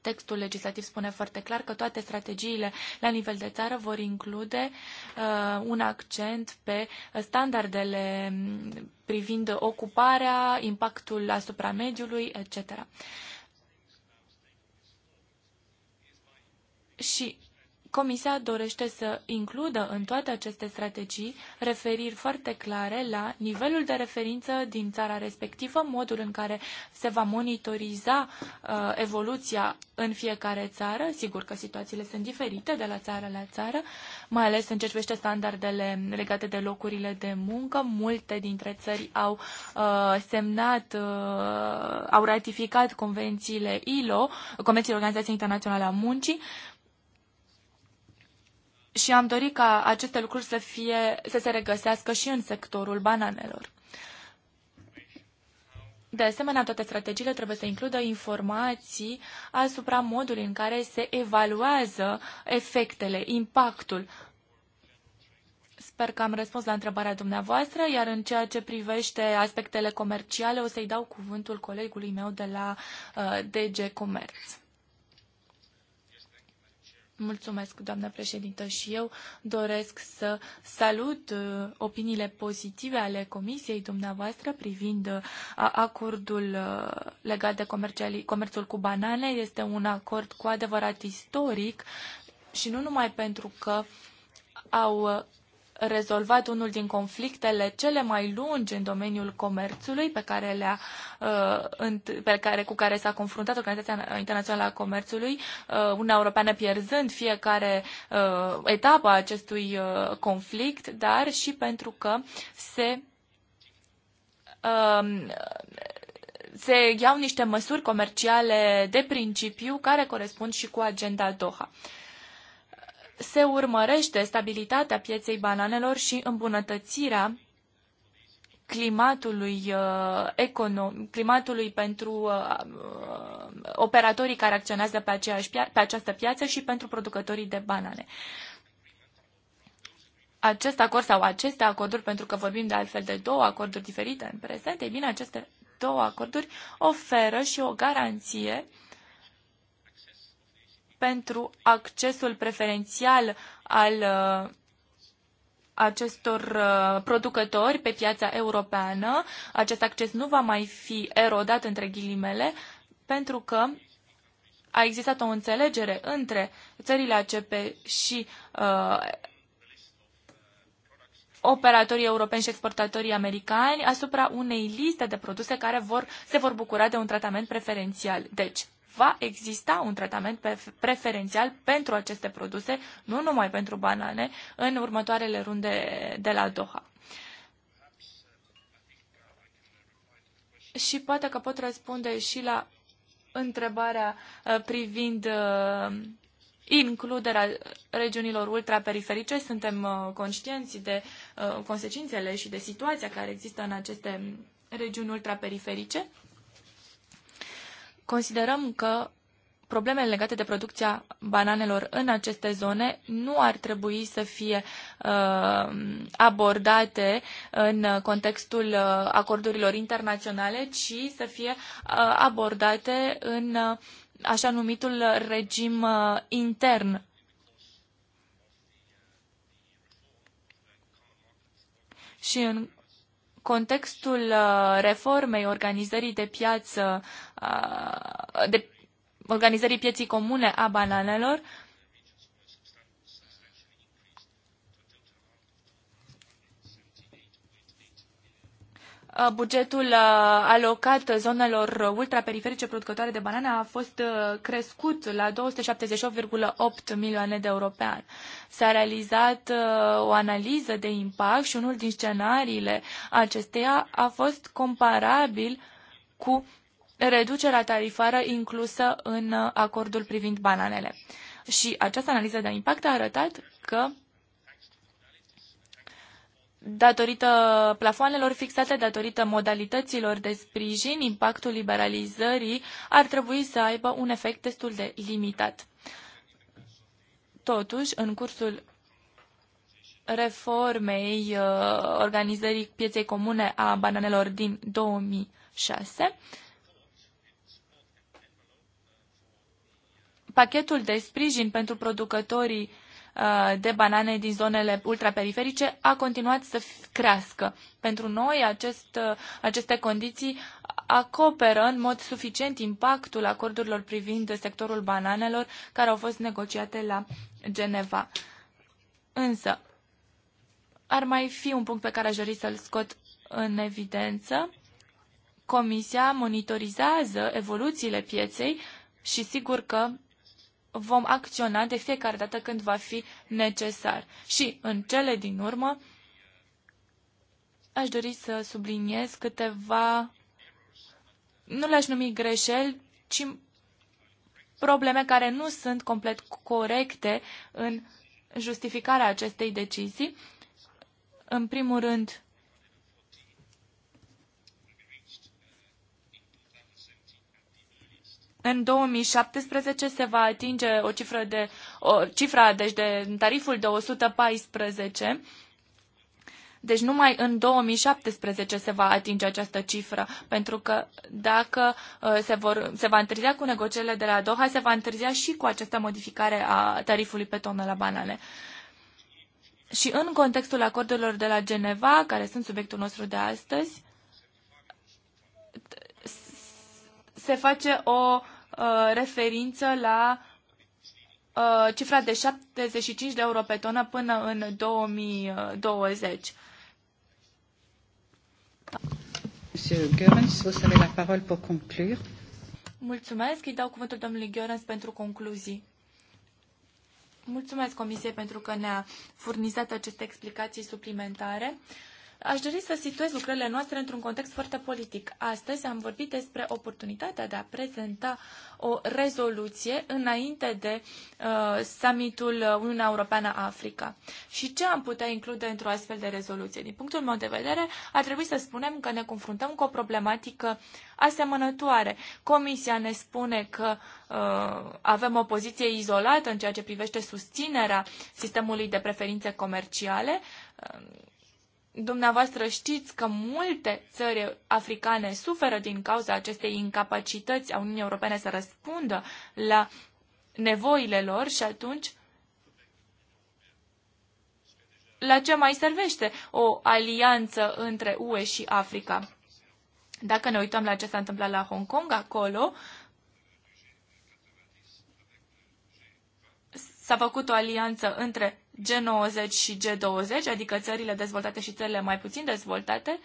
textul legislativ spune foarte clar că toate strategiile la nivel de țară vor include uh, un accent pe standardele privind ocuparea, impactul asupra mediului, etc. Și Comisia dorește să includă în toate aceste strategii referiri foarte clare la nivelul de referință din țara respectivă, modul în care se va monitoriza uh, evoluția în fiecare țară. Sigur că situațiile sunt diferite de la țară la țară, mai ales în ce privește standardele legate de locurile de muncă. Multe dintre țări au uh, semnat, uh, au ratificat convențiile ILO, Convențiile Organizației Internaționale a Muncii, și am dorit ca aceste lucruri să, fie, să se regăsească și în sectorul bananelor. De asemenea, toate strategiile trebuie să includă informații asupra modului în care se evaluează efectele, impactul. Sper că am răspuns la întrebarea dumneavoastră, iar în ceea ce privește aspectele comerciale, o să-i dau cuvântul colegului meu de la uh, DG Comerț. Mulțumesc, doamnă președintă, și eu doresc să salut uh, opiniile pozitive ale comisiei dumneavoastră privind uh, acordul uh, legat de comerțul cu banane. Este un acord cu adevărat istoric și nu numai pentru că au rezolvat unul din conflictele cele mai lungi în domeniul comerțului pe care le-a, uh, pe care, cu care s-a confruntat Organizația Internațională a Comerțului, uh, Uniunea Europeană pierzând fiecare uh, etapă a acestui conflict, dar și pentru că se um, se iau niște măsuri comerciale de principiu care corespund și cu agenda Doha. Uh, se urmărește stabilitatea pieței bananelor și îmbunătățirea climatului, uh, econom, climatului pentru uh, uh, operatorii care acționează pe, aceeași pia- pe această piață și pentru producătorii de banane. Acest acord sau aceste acorduri, pentru că vorbim de altfel de două acorduri diferite în prezent, ei bine, aceste două acorduri oferă și o garanție uh, pentru accesul preferențial al uh, acestor uh, producători pe piața europeană. Acest acces nu va mai fi erodat între ghilimele pentru că a existat o înțelegere între țările ACP și uh, operatorii europeni și exportatorii americani asupra unei liste de produse care vor, se vor bucura de un tratament preferențial. Deci, va exista un tratament preferențial pentru aceste produse, nu numai pentru banane, în următoarele runde de la Doha. Și poate că pot răspunde și la întrebarea uh, privind uh, includerea regiunilor ultraperiferice. Suntem uh, conștienți de consecințele și de situația care există în aceste regiuni ultraperiferice. Considerăm că problemele legate de producția bananelor în aceste zone nu ar trebui să fie uh, abordate în contextul uh, acordurilor internaționale, ci să fie uh, abordate în uh, așa numitul regim uh, intern. Și în contextul uh, reformei organizării de piață, uh, de organizării pieții comune a bananelor, Uh, bugetul uh, alocat zonelor ultraperiferice producătoare de banane a fost uh, crescut la 278,8 milioane de euro pe an. S-a realizat o analiză de impact și unul din scenariile acesteia a fost comparabil cu reducerea tarifară inclusă în acordul privind bananele. Și această analiză de impact a arătat că datorită plafoanelor fixate, datorită modalităților de sprijin, impactul liberalizării ar trebui să aibă un efect destul de limitat. Totuși, în cursul reformei uh, organizării pieței comune a bananelor din 2006, pachetul de sprijin pentru producătorii Uh, de banane din zonele ultraperiferice a continuat să crească. Pentru noi, acest, uh, aceste condiții acoperă în mod suficient impactul acordurilor privind sectorul bananelor care au fost negociate la Geneva. Însă, ar mai fi un punct pe care aș dori să-l scot în evidență. Comisia monitorizează evoluțiile pieței și sigur că vom acționa de fiecare dată când va fi necesar. Și, în cele din urmă, aș dori să subliniez câteva, nu le-aș numi greșeli, ci probleme care nu sunt complet corecte în justificarea acestei decizii. În primul rând, în 2017 se va atinge o cifră de, o cifra, deci de tariful de 114 deci numai în 2017 se va atinge această cifră, pentru că dacă uh, se, vor, se va întârzia cu negocierile de la Doha, se va întârzia și cu această modificare a tarifului pe tonă la banane. Și în contextul acordurilor de la Geneva, care sunt subiectul nostru de astăzi, se face o uh, referință la uh, cifra de 75 de euro pe tonă până în 2020. Monsieur Goerens, vous avez la parole pour conclure. Mulțumesc, îi dau cuvântul domnului Goerens pentru concluzii. Mulțumesc Comisiei pentru că ne-a furnizat aceste explicații suplimentare. Aș dori să situez lucrările noastre într-un context foarte politic. Astăzi am vorbit despre oportunitatea de a prezenta o rezoluție înainte de uh, summitul Uniunea Europeană-Africa. Și ce am putea include într-o astfel de rezoluție? Din punctul meu de vedere, ar trebui să spunem că ne confruntăm cu o problematică asemănătoare. Comisia ne spune că uh, avem o poziție izolată în ceea ce privește susținerea sistemului de preferințe comerciale. Uh, Dumneavoastră știți că multe țări africane suferă din cauza acestei incapacități a Uniunii Europene să răspundă la nevoile lor și atunci la ce mai servește o alianță între UE și Africa? Dacă ne uităm la ce s-a întâmplat la Hong Kong, acolo s-a făcut o alianță între G90 și G20, adică țările dezvoltate și țările mai puțin dezvoltate,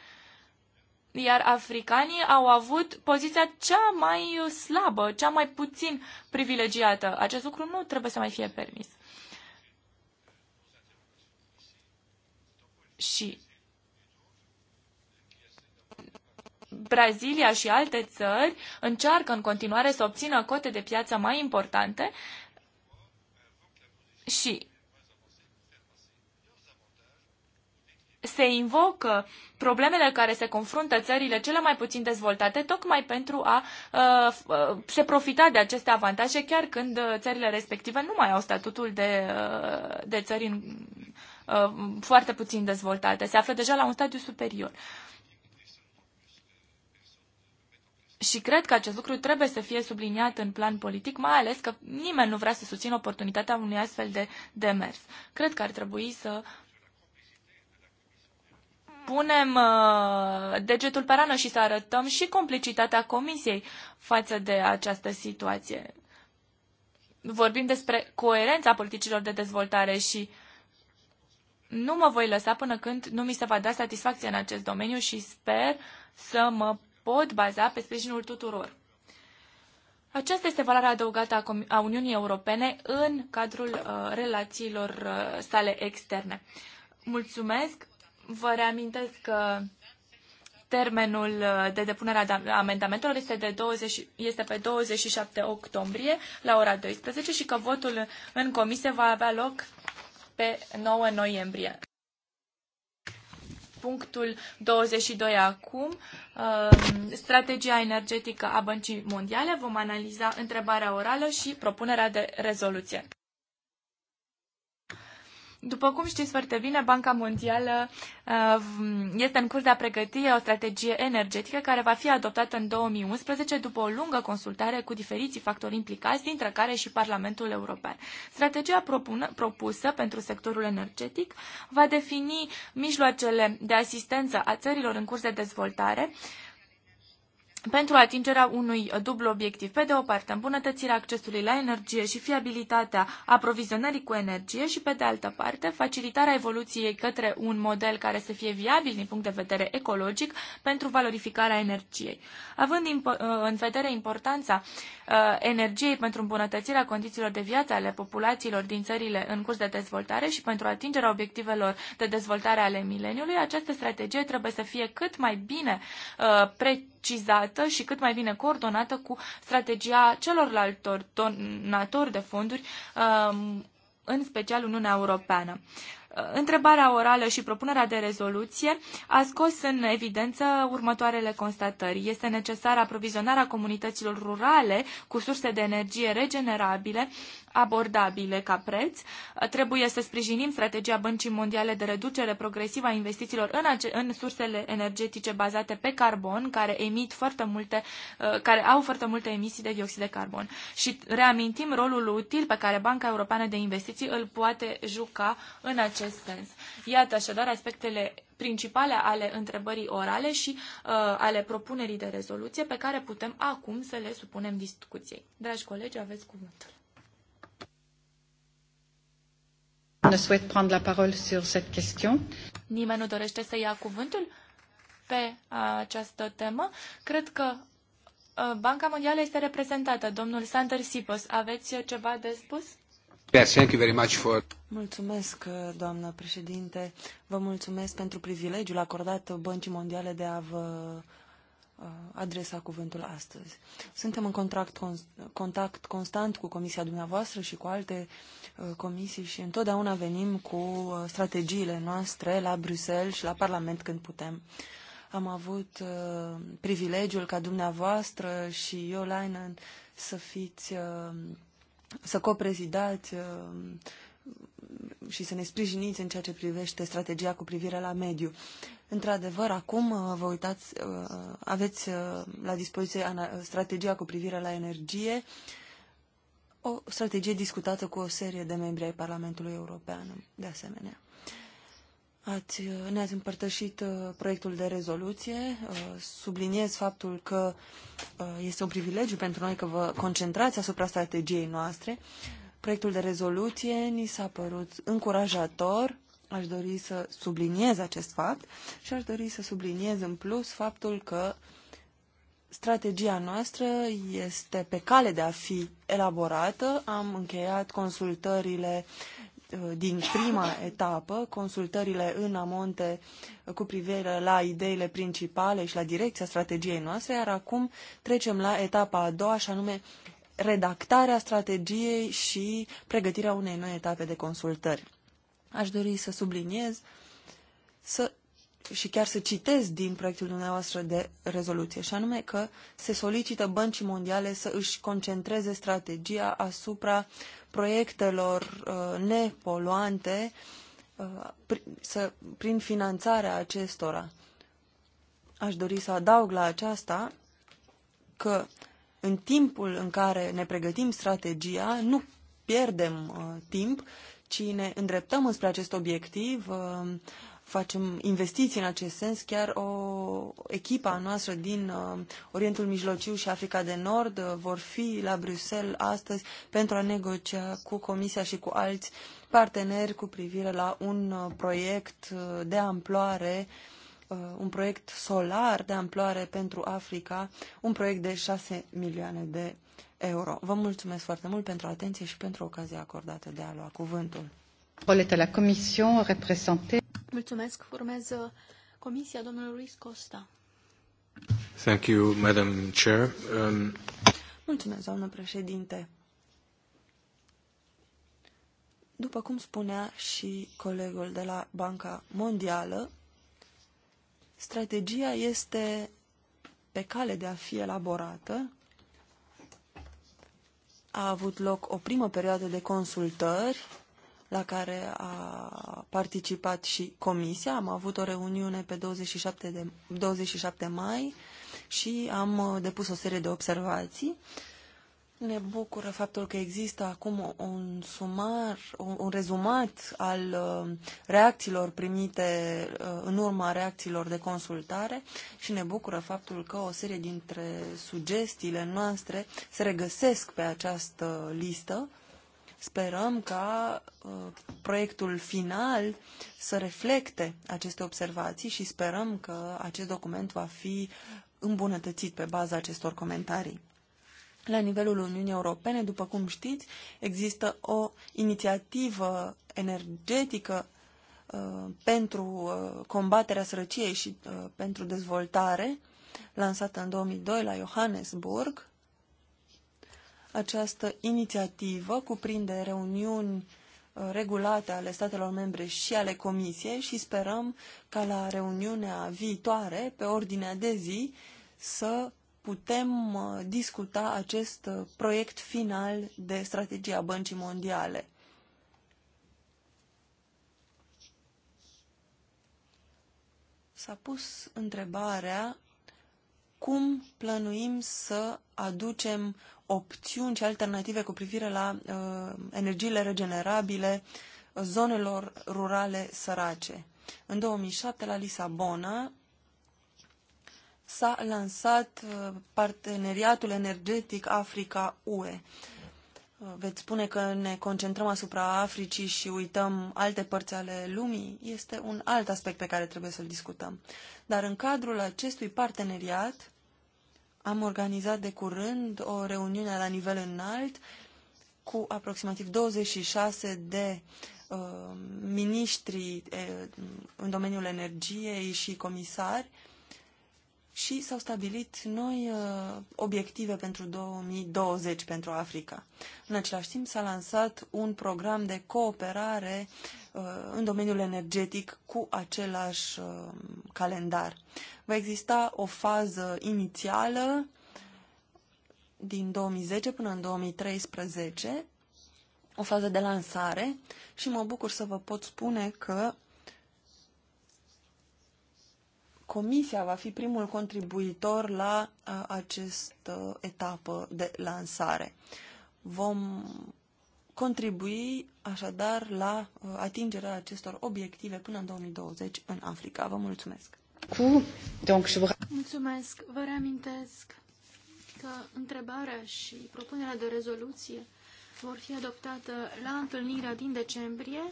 iar africanii au avut poziția cea mai slabă, cea mai puțin privilegiată. Acest lucru nu trebuie să mai fie permis. Și Brazilia și alte țări încearcă în continuare să obțină cote de piață mai importante și se invocă problemele care se confruntă țările cele mai puțin dezvoltate, tocmai pentru a uh, uh se profita de aceste avantaje, chiar când uh, țările respective nu mai au statutul de, uh, de țări în, uh, foarte puțin dezvoltate. Se află deja la un stadiu superior. Și cred că acest lucru trebuie să fie subliniat în plan politic, mai ales că nimeni nu vrea să susțină oportunitatea unui astfel de demers. Cred că ar trebui să uh, punem uh, degetul pe rană și să arătăm și complicitatea Comisiei față de această situație. Vorbim despre coerența politicilor de dezvoltare și nu mă voi lăsa până când nu mi se va da satisfacție în acest domeniu și sper să mă pot baza pe sprijinul tuturor. Aceasta este valoarea adăugată a Uniunii Europene în cadrul uh, relațiilor uh, sale externe. Mulțumesc! Vă reamintesc că termenul de depunere a amendamentelor este, de 20, este pe 27 octombrie la ora 12 și că votul în comisie va avea loc pe 9 noiembrie. Punctul 22 acum, um, strategia energetică a Băncii Mondiale. Vom analiza întrebarea orală și propunerea de rezoluție. După cum știți foarte bine, Banca Mondială uh, este în curs de a pregăti o strategie energetică care va fi adoptată în 2011 după o lungă consultare cu diferiții factori implicați, dintre care și Parlamentul European. Strategia propună, propusă pentru sectorul energetic va defini mijloacele de asistență a țărilor în curs de dezvoltare, pentru atingerea unui uh, dublu obiectiv. Pe de o parte, îmbunătățirea accesului la energie și fiabilitatea aprovizionării cu energie și, pe de altă parte, facilitarea evoluției către un model care să fie viabil din punct de vedere ecologic pentru valorificarea energiei. Având uh, în vedere importanța uh, energiei pentru îmbunătățirea condițiilor de viață ale populațiilor din țările în curs de dezvoltare și pentru atingerea obiectivelor de dezvoltare ale mileniului, această strategie trebuie să fie cât mai bine uh, pre- precizată și cât mai bine coordonată cu strategia celorlaltor donatori de fonduri, um, în special Uniunea Europeană. Uh, întrebarea orală și propunerea de rezoluție a scos în evidență următoarele constatări. Este necesară aprovizionarea comunităților rurale cu surse de energie regenerabile abordabile ca preț. Trebuie să sprijinim strategia Băncii Mondiale de reducere progresivă a investițiilor în, ace- în sursele energetice bazate pe carbon, care emit foarte multe, uh, care au foarte multe emisii de dioxid de carbon. Și reamintim rolul util pe care Banca Europeană de Investiții îl poate juca în acest sens. Iată așadar aspectele principale ale întrebării orale și uh, ale propunerii de rezoluție pe care putem acum să le supunem discuției. Dragi colegi, aveți cuvântul. Ah. ne souhaite prendre la parole sur cette question. Nimeni nu dorește să ia cuvântul pe această temă. Cred că uh, Banca Mondială este reprezentată. Domnul Sander Sipos, aveți ceva de spus? Yes, thank you very much for... Mulțumesc, uh, doamnă președinte. Vă mulțumesc pentru privilegiul acordat Băncii Mondiale de a vă adresa cuvântul astăzi. Suntem în contract, contact constant cu comisia dumneavoastră și cu alte uh, comisii și întotdeauna venim cu uh, strategiile noastre la Bruxelles și la Parlament când putem. Am avut uh, privilegiul ca dumneavoastră și eu, Leinen, să fiți, să coprezidați și să ne sprijiniți în ceea ce privește strategia cu privire la mediu. Într-adevăr, acum uh, vă uitați, uh, uh, aveți la dispoziție strategia cu privire la energie, o strategie discutată cu o serie de membri ai Parlamentului European, de asemenea. Ați, ne-ați împărtășit proiectul de rezoluție. Subliniez faptul că este un privilegiu pentru noi că vă concentrați asupra strategiei noastre. Proiectul de rezoluție ni s-a părut încurajator Aș dori să subliniez acest fapt și aș dori să subliniez în plus faptul că strategia noastră este pe cale de a fi elaborată. Am încheiat consultările uh, din prima etapă, consultările în amonte cu privire la ideile principale și la direcția strategiei noastre, iar acum trecem la etapa a doua, și anume redactarea strategiei și pregătirea unei noi etape de consultări aș dori să subliniez să, și chiar să citez din proiectul dumneavoastră de rezoluție, și anume că se solicită băncii mondiale să își concentreze strategia asupra proiectelor uh, nepoluante uh, pri, să, prin finanțarea acestora. Aș dori să adaug la aceasta că în timpul în care ne pregătim strategia, nu pierdem uh, timp, ci ne îndreptăm înspre acest obiectiv, uh, facem investiții în acest sens. Chiar o echipa noastră din uh, Orientul Mijlociu și Africa de Nord uh, vor fi la Bruxelles astăzi pentru a negocia cu Comisia și cu alți parteneri cu privire la un proiect de amploare uh, Uh, un proiect solar de amploare pentru Africa, un proiect de 6 milioane de euro. Vă mulțumesc foarte mult pentru atenție și pentru ocazia acordată de a lua cuvântul. Mulțumesc. Urmează comisia domnului Luis Costa. Thank you, Madam Chair. Um... Mulțumesc, doamnă președinte. După cum spunea și colegul de la Banca Mondială, Strategia este pe cale de a fi elaborată. A avut loc o primă perioadă de consultări la care a participat și comisia. Am avut o reuniune pe 27, de, 27 mai și am uh, depus o serie de observații. Ne bucură faptul că există acum un sumar, un rezumat al uh, reacțiilor primite uh, în urma reacțiilor de consultare și ne bucură faptul că o serie dintre sugestiile noastre se regăsesc pe această listă. Sperăm ca uh, proiectul final să reflecte aceste observații și sperăm că acest document va fi îmbunătățit pe baza acestor comentarii. La nivelul Uniunii Europene, după cum știți, există o inițiativă energetică uh, pentru uh, combaterea sărăciei și uh, pentru dezvoltare, lansată în 2002 la Johannesburg. Această inițiativă cuprinde reuniuni uh, regulate ale statelor membre și ale Comisiei și sperăm ca la reuniunea viitoare, pe ordinea de zi, să putem uh, discuta acest uh, proiect final de strategia băncii mondiale. S-a pus întrebarea cum plănuim să aducem opțiuni și alternative cu privire la uh, energiile regenerabile zonelor rurale sărace. În 2007, la Lisabona, s-a lansat uh, parteneriatul energetic Africa-UE. Uh, veți spune că ne concentrăm asupra Africii și uităm alte părți ale lumii? Este un alt aspect pe care trebuie să-l discutăm. Dar în cadrul acestui parteneriat am organizat de curând o reuniune la nivel înalt cu aproximativ 26 de uh, miniștri uh, în domeniul energiei și comisari uh, și s-au stabilit noi uh, obiective pentru 2020 pentru Africa. În același timp s-a lansat un program de cooperare uh, în domeniul energetic cu același uh, calendar. Va exista o fază inițială din 2010 până în 2013, o fază de lansare și mă bucur să vă pot spune că Comisia va fi primul contribuitor la uh, această etapă de lansare. Vom contribui așadar la uh, atingerea acestor obiective până în 2020 în Africa. Vă mulțumesc! Cu... Donc, Mulțumesc! Vă reamintesc că întrebarea și propunerea de rezoluție vor fi adoptată la întâlnirea din decembrie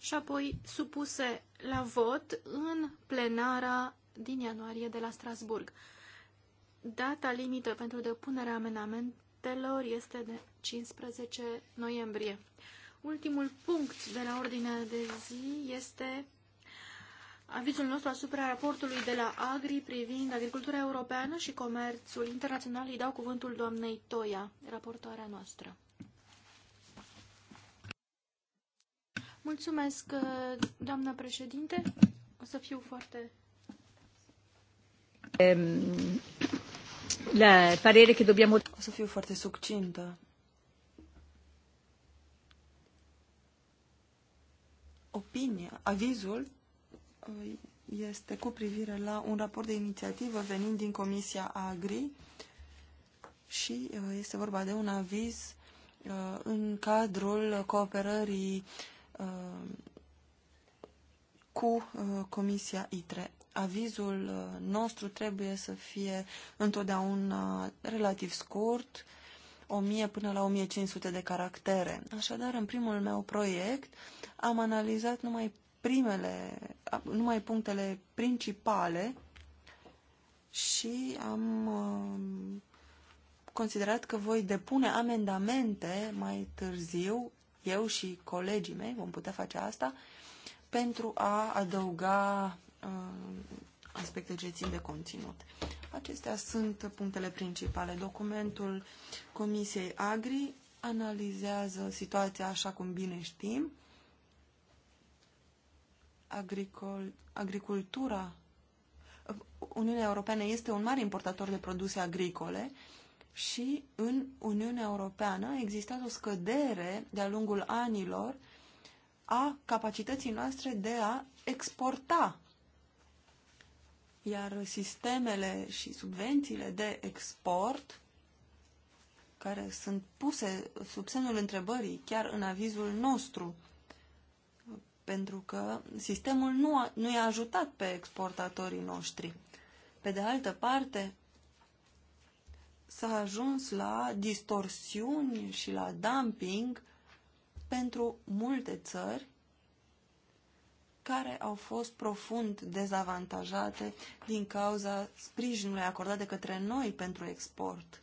și apoi supuse la vot în plenara din ianuarie de la Strasburg. Data limită pentru depunerea amenamentelor este de 15 noiembrie. Ultimul punct de la ordinea de zi este avizul nostru asupra raportului de la Agri privind agricultura europeană și comerțul internațional. Îi dau cuvântul doamnei Toia, raportoarea noastră. Mulțumesc, doamnă președinte. O să fiu foarte Ehm, la parere che dobbiamo... O să fiu foarte succintă. Opinia, avizul uh, este cu privire la un raport de inițiativă venind din Comisia Agri și uh, este vorba de un aviz uh, în cadrul cooperării cu Comisia ITRE avizul uh, nostru trebuie să fie întotdeauna relativ scurt, 1000 până la 1500 de caractere. Așadar, în primul meu proiect am analizat numai primele, numai punctele principale și am uh, considerat că voi depune amendamente mai târziu, eu și colegii mei vom putea face asta, pentru a adăuga Uh, aspecte ce țin de conținut. Acestea sunt punctele principale. Documentul Comisiei Agri analizează situația așa cum bine știm. Agricol, agricultura. Uniunea Europeană este un mare importator de produse agricole și în Uniunea Europeană a existat o scădere de-a lungul anilor a capacității noastre de a exporta iar sistemele și subvențiile de export care sunt puse sub semnul întrebării chiar în avizul nostru, pentru că sistemul nu, a, nu i-a ajutat pe exportatorii noștri. Pe de altă parte, s-a ajuns la distorsiuni și la dumping pentru multe țări care au fost profund dezavantajate din cauza sprijinului acordat de către noi pentru export.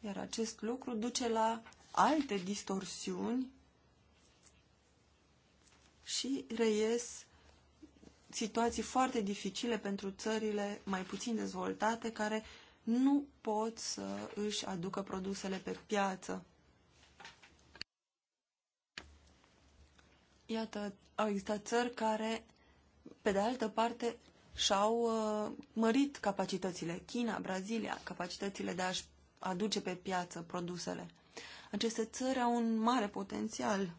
Iar acest lucru duce la alte distorsiuni și reies situații foarte dificile pentru țările mai puțin dezvoltate care nu pot să își aducă produsele pe piață. Iată, au existat țări care, pe de altă parte, și-au uh, mărit capacitățile. China, Brazilia, capacitățile de a-și aduce pe piață produsele. Aceste țări au un mare potențial.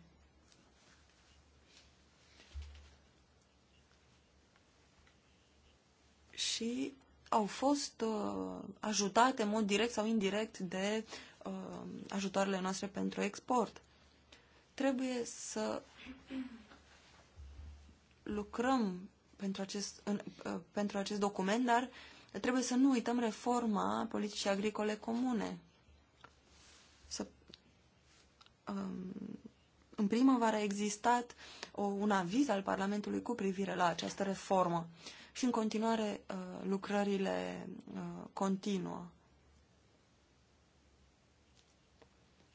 Și au fost uh, ajutate în mod direct sau indirect de uh, ajutoarele noastre pentru export. Trebuie să lucrăm pentru acest, în, uh, pentru acest document, dar trebuie să nu uităm reforma politicii agricole comune. Să, um, în primăvară a existat o, un aviz al Parlamentului cu privire la această reformă și în continuare uh, lucrările uh, continuă.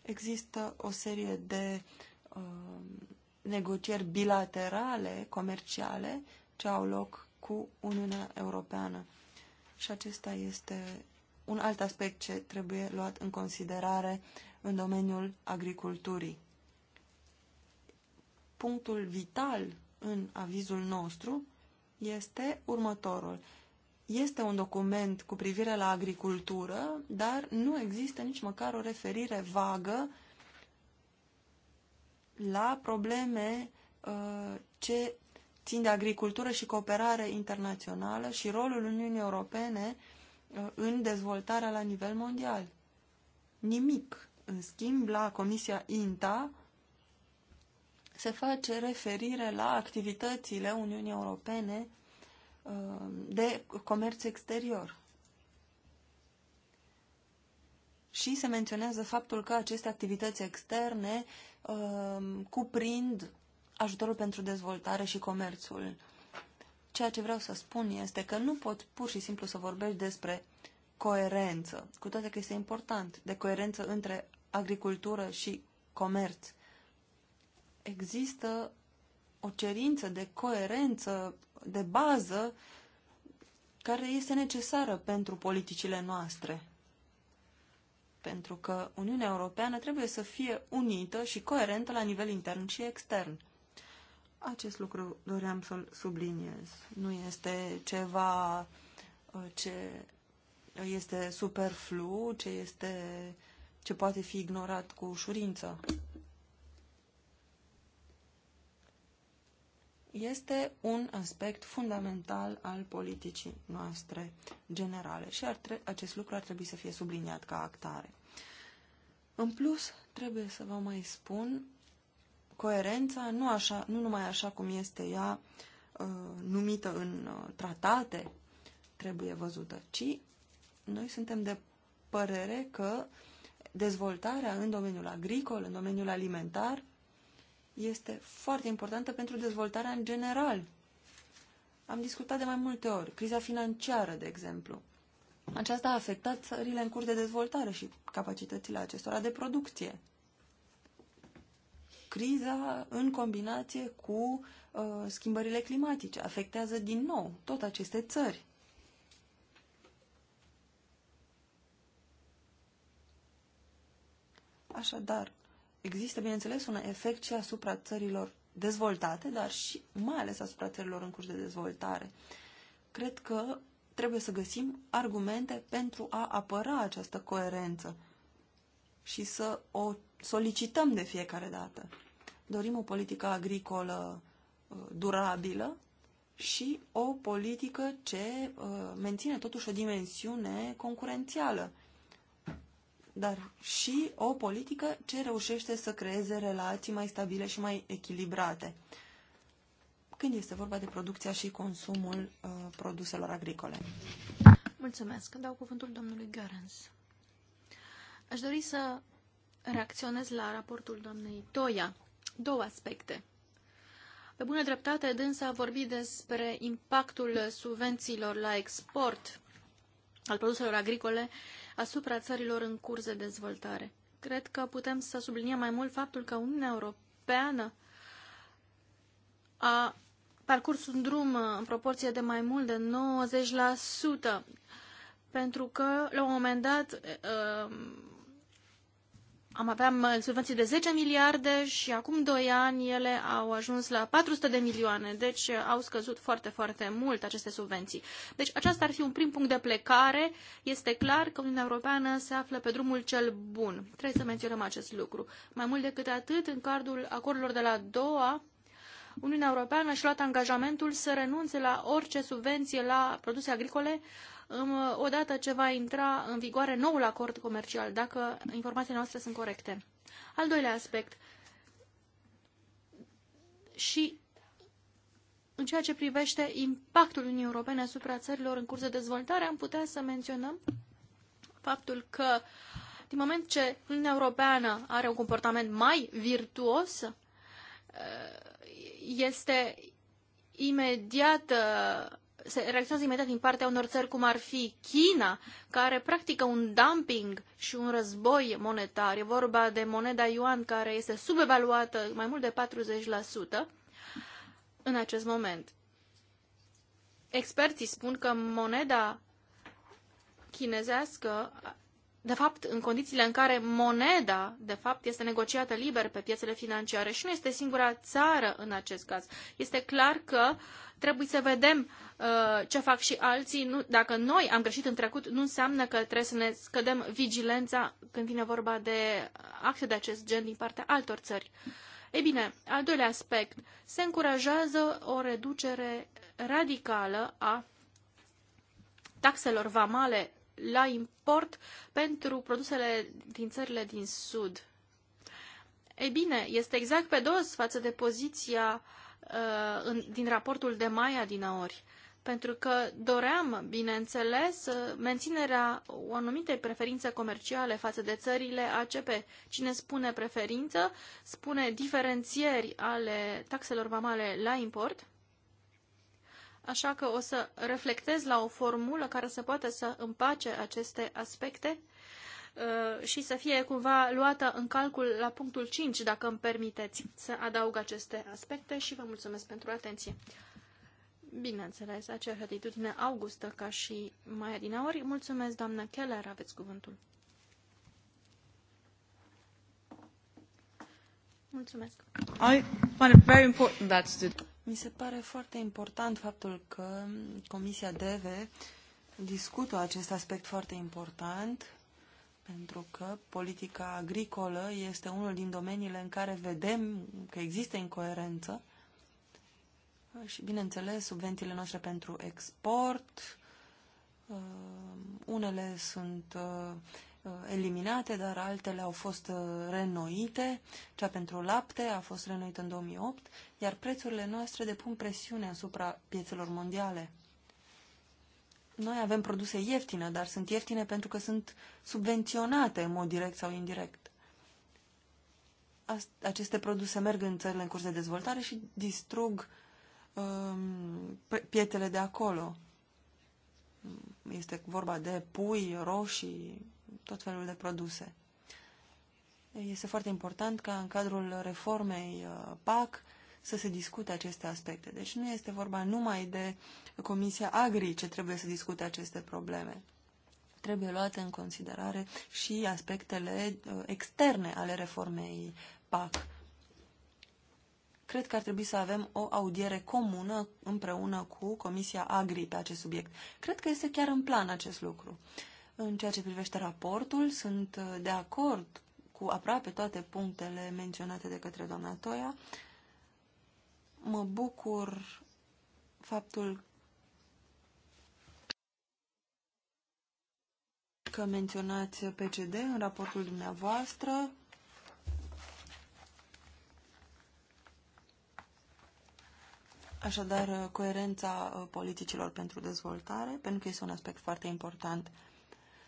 Există o serie de uh, negocieri bilaterale, comerciale, ce au loc cu Uniunea Europeană. Și acesta este un alt aspect ce trebuie luat în considerare în domeniul agriculturii. Punctul vital în avizul nostru este următorul. Este un document cu privire la agricultură, dar nu există nici măcar o referire vagă la probleme uh, ce țin de agricultură și cooperare internațională și rolul Uniunii Europene uh, în dezvoltarea la nivel mondial. Nimic. În schimb, la Comisia INTA se face referire la activitățile Uniunii Europene uh, de comerț exterior. și se menționează faptul că aceste activități externe uh, cuprind ajutorul pentru dezvoltare și comerțul. Ceea ce vreau să spun este că nu pot pur și simplu să vorbești despre coerență, cu toate că este important, de coerență între agricultură și comerț. Există o cerință de coerență, de bază, care este necesară pentru politicile noastre pentru că Uniunea Europeană trebuie să fie unită și coerentă la nivel intern și extern. Acest lucru doream să-l subliniez. Nu este ceva uh, ce este superflu, ce, este, ce poate fi ignorat cu ușurință. este un aspect fundamental al politicii noastre generale și ar tre- acest lucru ar trebui să fie subliniat ca actare. În plus, trebuie să vă mai spun, coerența nu, așa, nu numai așa cum este ea uh, numită în uh, tratate, trebuie văzută, ci noi suntem de părere că dezvoltarea în domeniul agricol, în domeniul alimentar, este foarte importantă pentru dezvoltarea în general. Am discutat de mai multe ori, criza financiară, de exemplu. Aceasta a afectat țările în curs de dezvoltare și capacitățile acestora de producție. Criza în combinație cu uh, schimbările climatice afectează din nou tot aceste țări. Așadar, există, bineînțeles, un efect și asupra țărilor dezvoltate, dar și mai ales asupra țărilor în curs de dezvoltare. Cred că trebuie să găsim argumente pentru a apăra această coerență și să o solicităm de fiecare dată. Dorim o politică agricolă uh, durabilă și o politică ce uh, menține totuși o dimensiune concurențială dar și o politică ce reușește să creeze relații mai stabile și mai echilibrate când este vorba de producția și consumul uh, produselor agricole. Mulțumesc. Dau cuvântul domnului Görens. Aș dori să reacționez la raportul doamnei Toia. Două aspecte. Pe bună dreptate, dânsa a vorbit despre impactul subvențiilor la export al produselor agricole uh, asupra țărilor în curs de dezvoltare. Cred că putem să subliniem mai mult faptul că Uniunea Europeană a parcurs un drum în proporție de mai mult de 90%, pentru că, la un moment dat, am aveam uh, subvenții de 10 miliarde și acum 2 ani ele au ajuns la 400 de milioane, deci uh, au scăzut foarte, foarte mult aceste subvenții. Deci aceasta ar fi un prim punct de plecare. Este clar că Uniunea Europeană se află pe drumul cel bun. Trebuie să menționăm acest lucru. Mai mult decât atât, în cadrul acordurilor de la doua, Uniunea Europeană și-a luat angajamentul să renunțe la orice subvenție la produse agricole uh, Uh, odată ce va intra în vigoare noul acord comercial, dacă informațiile noastre sunt corecte. Al doilea aspect. Și în ceea ce privește impactul Uniunii Europene asupra țărilor în curs de dezvoltare, am putea să menționăm faptul că din moment ce Uniunea Europeană are un comportament mai virtuos, uh, este imediat uh, se reacționează imediat din partea unor țări cum ar fi China, care practică un dumping și un război monetar. E vorba de moneda yuan care este subevaluată mai mult de 40% în acest moment. Experții spun că moneda chinezească de fapt, în condițiile în care moneda, de fapt, este negociată liber pe piețele financiare și nu este singura țară în acest caz. Este clar că trebuie să vedem uh, ce fac și alții. Nu, dacă noi am greșit în trecut, nu înseamnă că trebuie să ne scădem vigilența când vine vorba de acte de acest gen din partea altor țări. Ei bine, al doilea aspect, se încurajează o reducere radicală a taxelor vamale la import pentru produsele din țările din Sud. Ei bine, este exact pe dos față de poziția uh, în, din raportul de mai adinaori. pentru că doream, bineînțeles, uh, menținerea o anumite preferințe comerciale față de țările ACP. Cine spune preferință, spune diferențieri ale taxelor vamale la import, așa că o să reflectez la o formulă care să poată să împace aceste aspecte uh, și să fie cumva luată în calcul la punctul 5, dacă îmi permiteți să adaug aceste aspecte și vă mulțumesc pentru atenție. Bineînțeles, aceeași atitudine augustă ca și Maia din Auri. Mulțumesc, doamnă Keller, aveți cuvântul. Mulțumesc. I find it very important that the mi se pare foarte important faptul că Comisia DEVE discută acest aspect foarte important pentru că politica agricolă este unul din domeniile în care vedem că există incoerență și, bineînțeles, subvențiile noastre pentru export, uh, unele sunt uh, Uh, eliminate, dar altele au fost uh, renoite. Cea pentru lapte a fost renoită în 2008, iar prețurile noastre depun presiune asupra piețelor mondiale. Noi avem produse ieftine, dar sunt ieftine pentru că sunt subvenționate în mod direct sau indirect. Aceste produse merg în țările în curs de dezvoltare și distrug um, pietele de acolo. Este vorba de pui, roșii, tot felul de produse. Este foarte important ca în cadrul reformei uh, PAC să se discute aceste aspecte. Deci nu este vorba numai de Comisia Agri ce trebuie să discute aceste probleme. Trebuie luate în considerare și aspectele uh, externe ale reformei PAC. Cred că ar trebui să avem o audiere comună împreună cu Comisia Agri pe acest subiect. Cred că este chiar în plan acest lucru. În ceea ce privește raportul, sunt uh, de acord cu aproape toate punctele menționate de către doamna Toia. Mă bucur faptul că menționați PCD în raportul dumneavoastră. Așadar, coerența uh, politicilor pentru dezvoltare, pentru că este un aspect foarte important.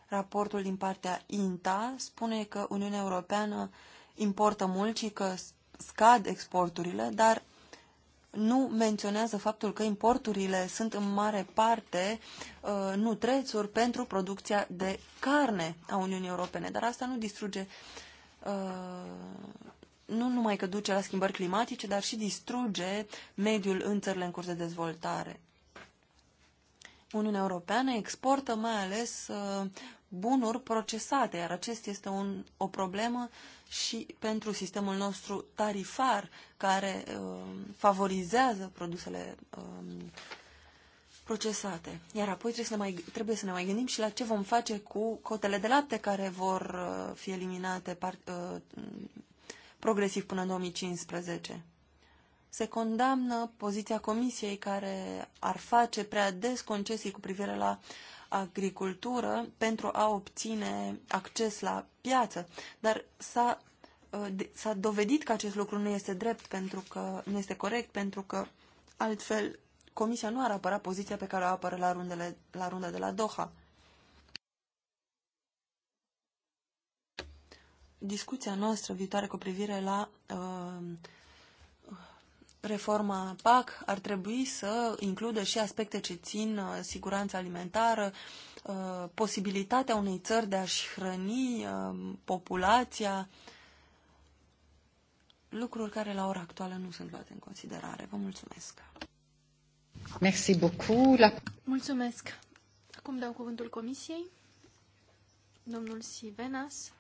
Raportul din partea INTA spune că Uniunea Europeană importă mult și că scad exporturile, dar nu menționează faptul că importurile sunt în mare parte uh, nutrețuri pentru producția de carne a Uniunii Europene. Dar asta nu distruge, uh, nu numai că duce la schimbări climatice, dar și distruge mediul în țările în curs de dezvoltare. Uniunea Europeană exportă mai ales uh, bunuri procesate, iar acest este un, o problemă și pentru sistemul nostru tarifar, care uh, favorizează produsele uh, procesate. Iar apoi trebuie să, ne mai, trebuie să ne mai gândim și la ce vom face cu cotele de lapte care vor uh, fi eliminate par, uh, progresiv până în 2015 se condamnă poziția Comisiei care ar face prea des concesii cu privire la agricultură pentru a obține acces la piață. Dar s-a, uh, s-a dovedit că acest lucru nu este drept, pentru că nu este corect, pentru că altfel Comisia nu ar apăra poziția pe care o apără la, rundele, la runda de la Doha. Discuția noastră viitoare cu privire la uh, reforma PAC ar trebui să includă și aspecte ce țin uh, siguranța alimentară, uh, posibilitatea unei țări de a-și hrăni uh, populația, lucruri care la ora actuală nu sunt luate în considerare. Vă mulțumesc! Merci beaucoup. La... Mulțumesc! Acum dau cuvântul Comisiei. Domnul Sivenas,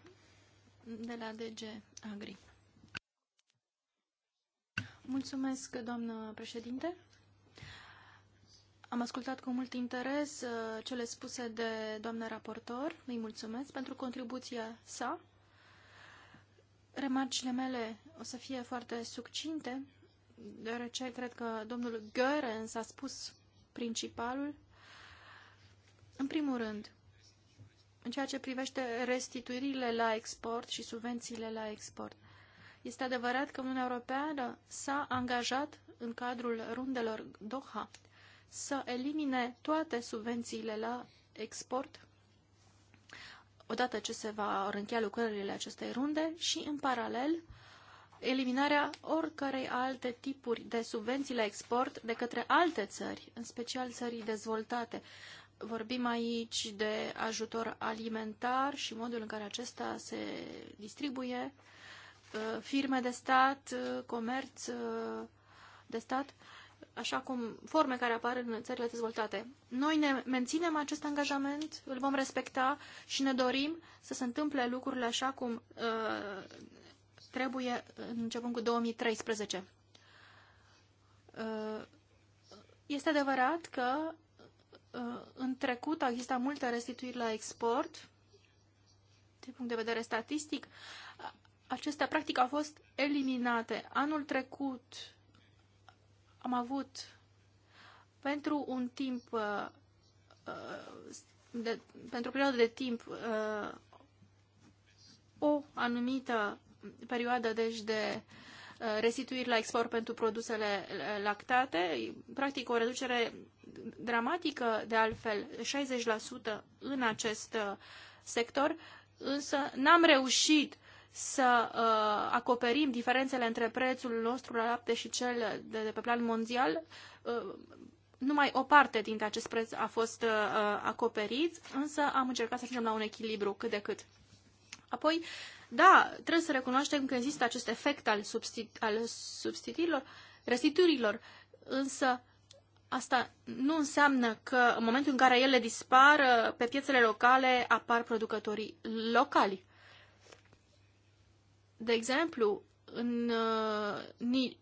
de la DG Agri. Mulțumesc, doamnă președinte. Am ascultat cu mult interes uh, cele spuse de doamna raportor. Îi mulțumesc pentru contribuția sa. Remarcile mele o să fie foarte succinte, deoarece cred că domnul Görens a spus principalul. În primul rând, în ceea ce privește restituirile la export și subvențiile la export. Este adevărat că Uniunea Europeană s-a angajat în cadrul rundelor Doha să elimine toate subvențiile la export odată ce se va încheia lucrările acestei runde și, în paralel, eliminarea oricărei alte tipuri de subvenții la export de către alte țări, în special țării dezvoltate. Vorbim aici de ajutor alimentar și modul în care acesta se distribuie Uh, firme de stat, uh, comerț uh, de stat, așa cum forme care apar în țările dezvoltate. Noi ne menținem acest angajament, îl vom respecta și ne dorim să se întâmple lucrurile așa cum uh, trebuie începând cu 2013. Uh, este adevărat că uh, în trecut au existat multe restituiri la export, din punct de vedere statistic, acestea practic au fost eliminate. Anul trecut am avut pentru un timp, uh, uh de, pentru o perioadă de timp, uh, o anumită perioadă deci de uh, restituiri la export pentru produsele uh, lactate, practic o reducere dramatică, de altfel 60% în acest sector, însă n-am reușit să uh, acoperim diferențele între prețul nostru la lapte și cel de, de pe plan mondial, uh, numai o parte dintre acest preț a fost uh, uh, acoperit, însă am încercat să ajungem la un echilibru cât de cât. Apoi, da, trebuie să recunoaștem că există acest efect al, substit- al substituirilor, restituirilor, însă asta nu înseamnă că în momentul în care ele dispar, uh, pe piețele locale apar producătorii locali. De exemplu, în, uh,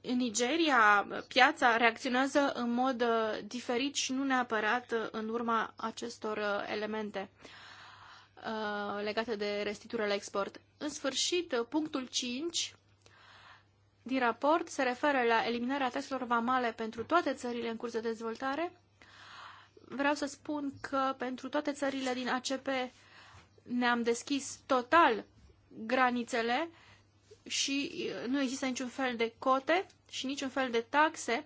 în Nigeria piața reacționează în mod uh, diferit și nu neapărat uh, în urma acestor elemente legate de restituirea la export. În sfârșit, punctul 5 din raport se referă la eliminarea taxelor vamale pentru toate țările în curs de dezvoltare. Vreau să spun că pentru toate țările din ACP ne-am deschis total granițele și uh, nu există niciun fel de cote și niciun fel de taxe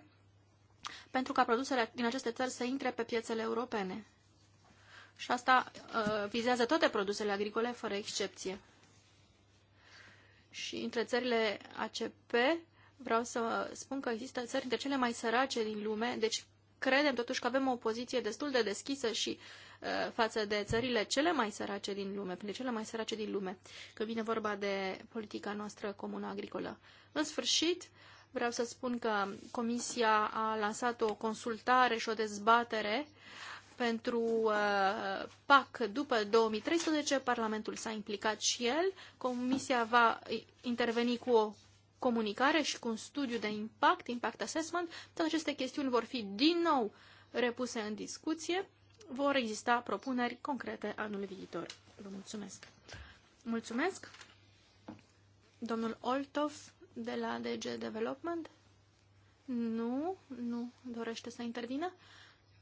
pentru ca produsele din aceste țări să intre pe piețele europene. Și asta uh, vizează toate produsele agricole, fără excepție. Și între țările ACP vreau să spun că există țări dintre cele mai sărace din lume, deci credem totuși că avem o poziție destul de deschisă și uh, Uh, față de țările cele mai sărace din lume, printre cele mai sărace din lume, că vine vorba de politica noastră comună agricolă. În sfârșit, vreau să spun că Comisia a lansat o consultare și o dezbatere pentru uh, PAC după 2013. Parlamentul s-a implicat și el. Comisia va interveni cu o comunicare și cu un studiu de impact, impact assessment. Toate aceste chestiuni vor fi din nou repuse în discuție vor exista propuneri concrete anul viitor. Vă mulțumesc! Mulțumesc! Domnul Oltov de la DG Development? Nu, nu dorește să intervină.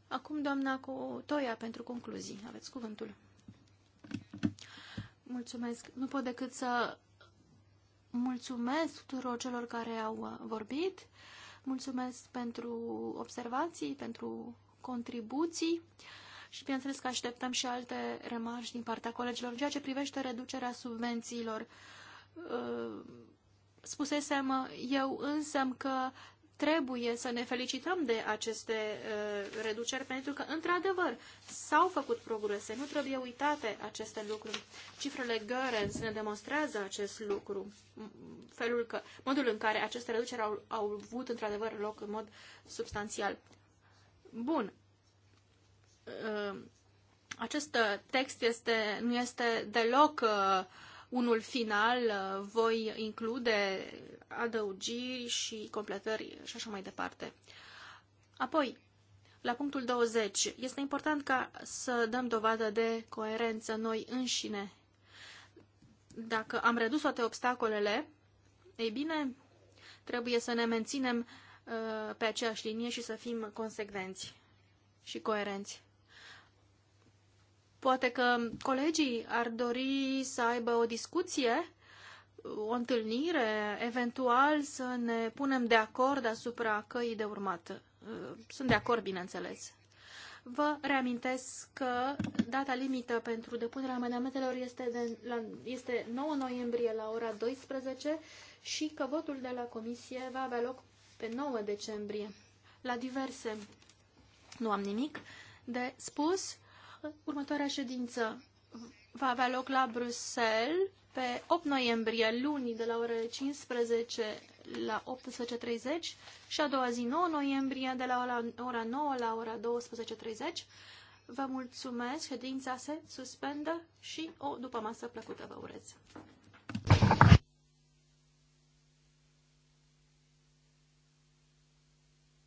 Acum doamna cu Toia pentru concluzii. Aveți cuvântul. Mulțumesc. Nu pot decât să mulțumesc tuturor celor care au vorbit. Mulțumesc pentru observații, pentru contribuții și bineînțeles că așteptăm și alte remarci din partea colegilor. Ceea ce privește reducerea subvențiilor, uh, spusesem eu însă că trebuie să ne felicităm de aceste uh, reduceri, pentru că, într-adevăr, s-au făcut progrese, nu trebuie uitate aceste lucruri. Cifrele Görens ne demonstrează acest lucru, felul că, modul în care aceste reduceri au, au avut, într-adevăr, loc în mod substanțial. Bun, Uh, acest text este, nu este deloc uh, unul final, uh, voi include adăugiri și completări și așa mai departe. Apoi, la punctul 20, este important ca să dăm dovadă de coerență noi înșine. Dacă am redus toate obstacolele, ei bine, trebuie să ne menținem pe aceeași linie și să fim consecvenți și coerenți. Poate că colegii ar dori să aibă o discuție, o întâlnire, eventual să ne punem de acord asupra căii de urmat. Uh, sunt de acord, bineînțeles. Vă reamintesc că data limită pentru depunerea amendamentelor este, de, la, este 9 noiembrie la ora 12 și că votul de la comisie va avea loc pe 9 decembrie. La diverse nu am nimic de spus. Următoarea ședință va avea loc la Bruxelles pe 8 noiembrie, luni, de la ora 15 la 18.30 și a doua zi 9 noiembrie de la ora 9 la ora 12.30. Vă mulțumesc, ședința se suspendă și o după masă plăcută vă urez.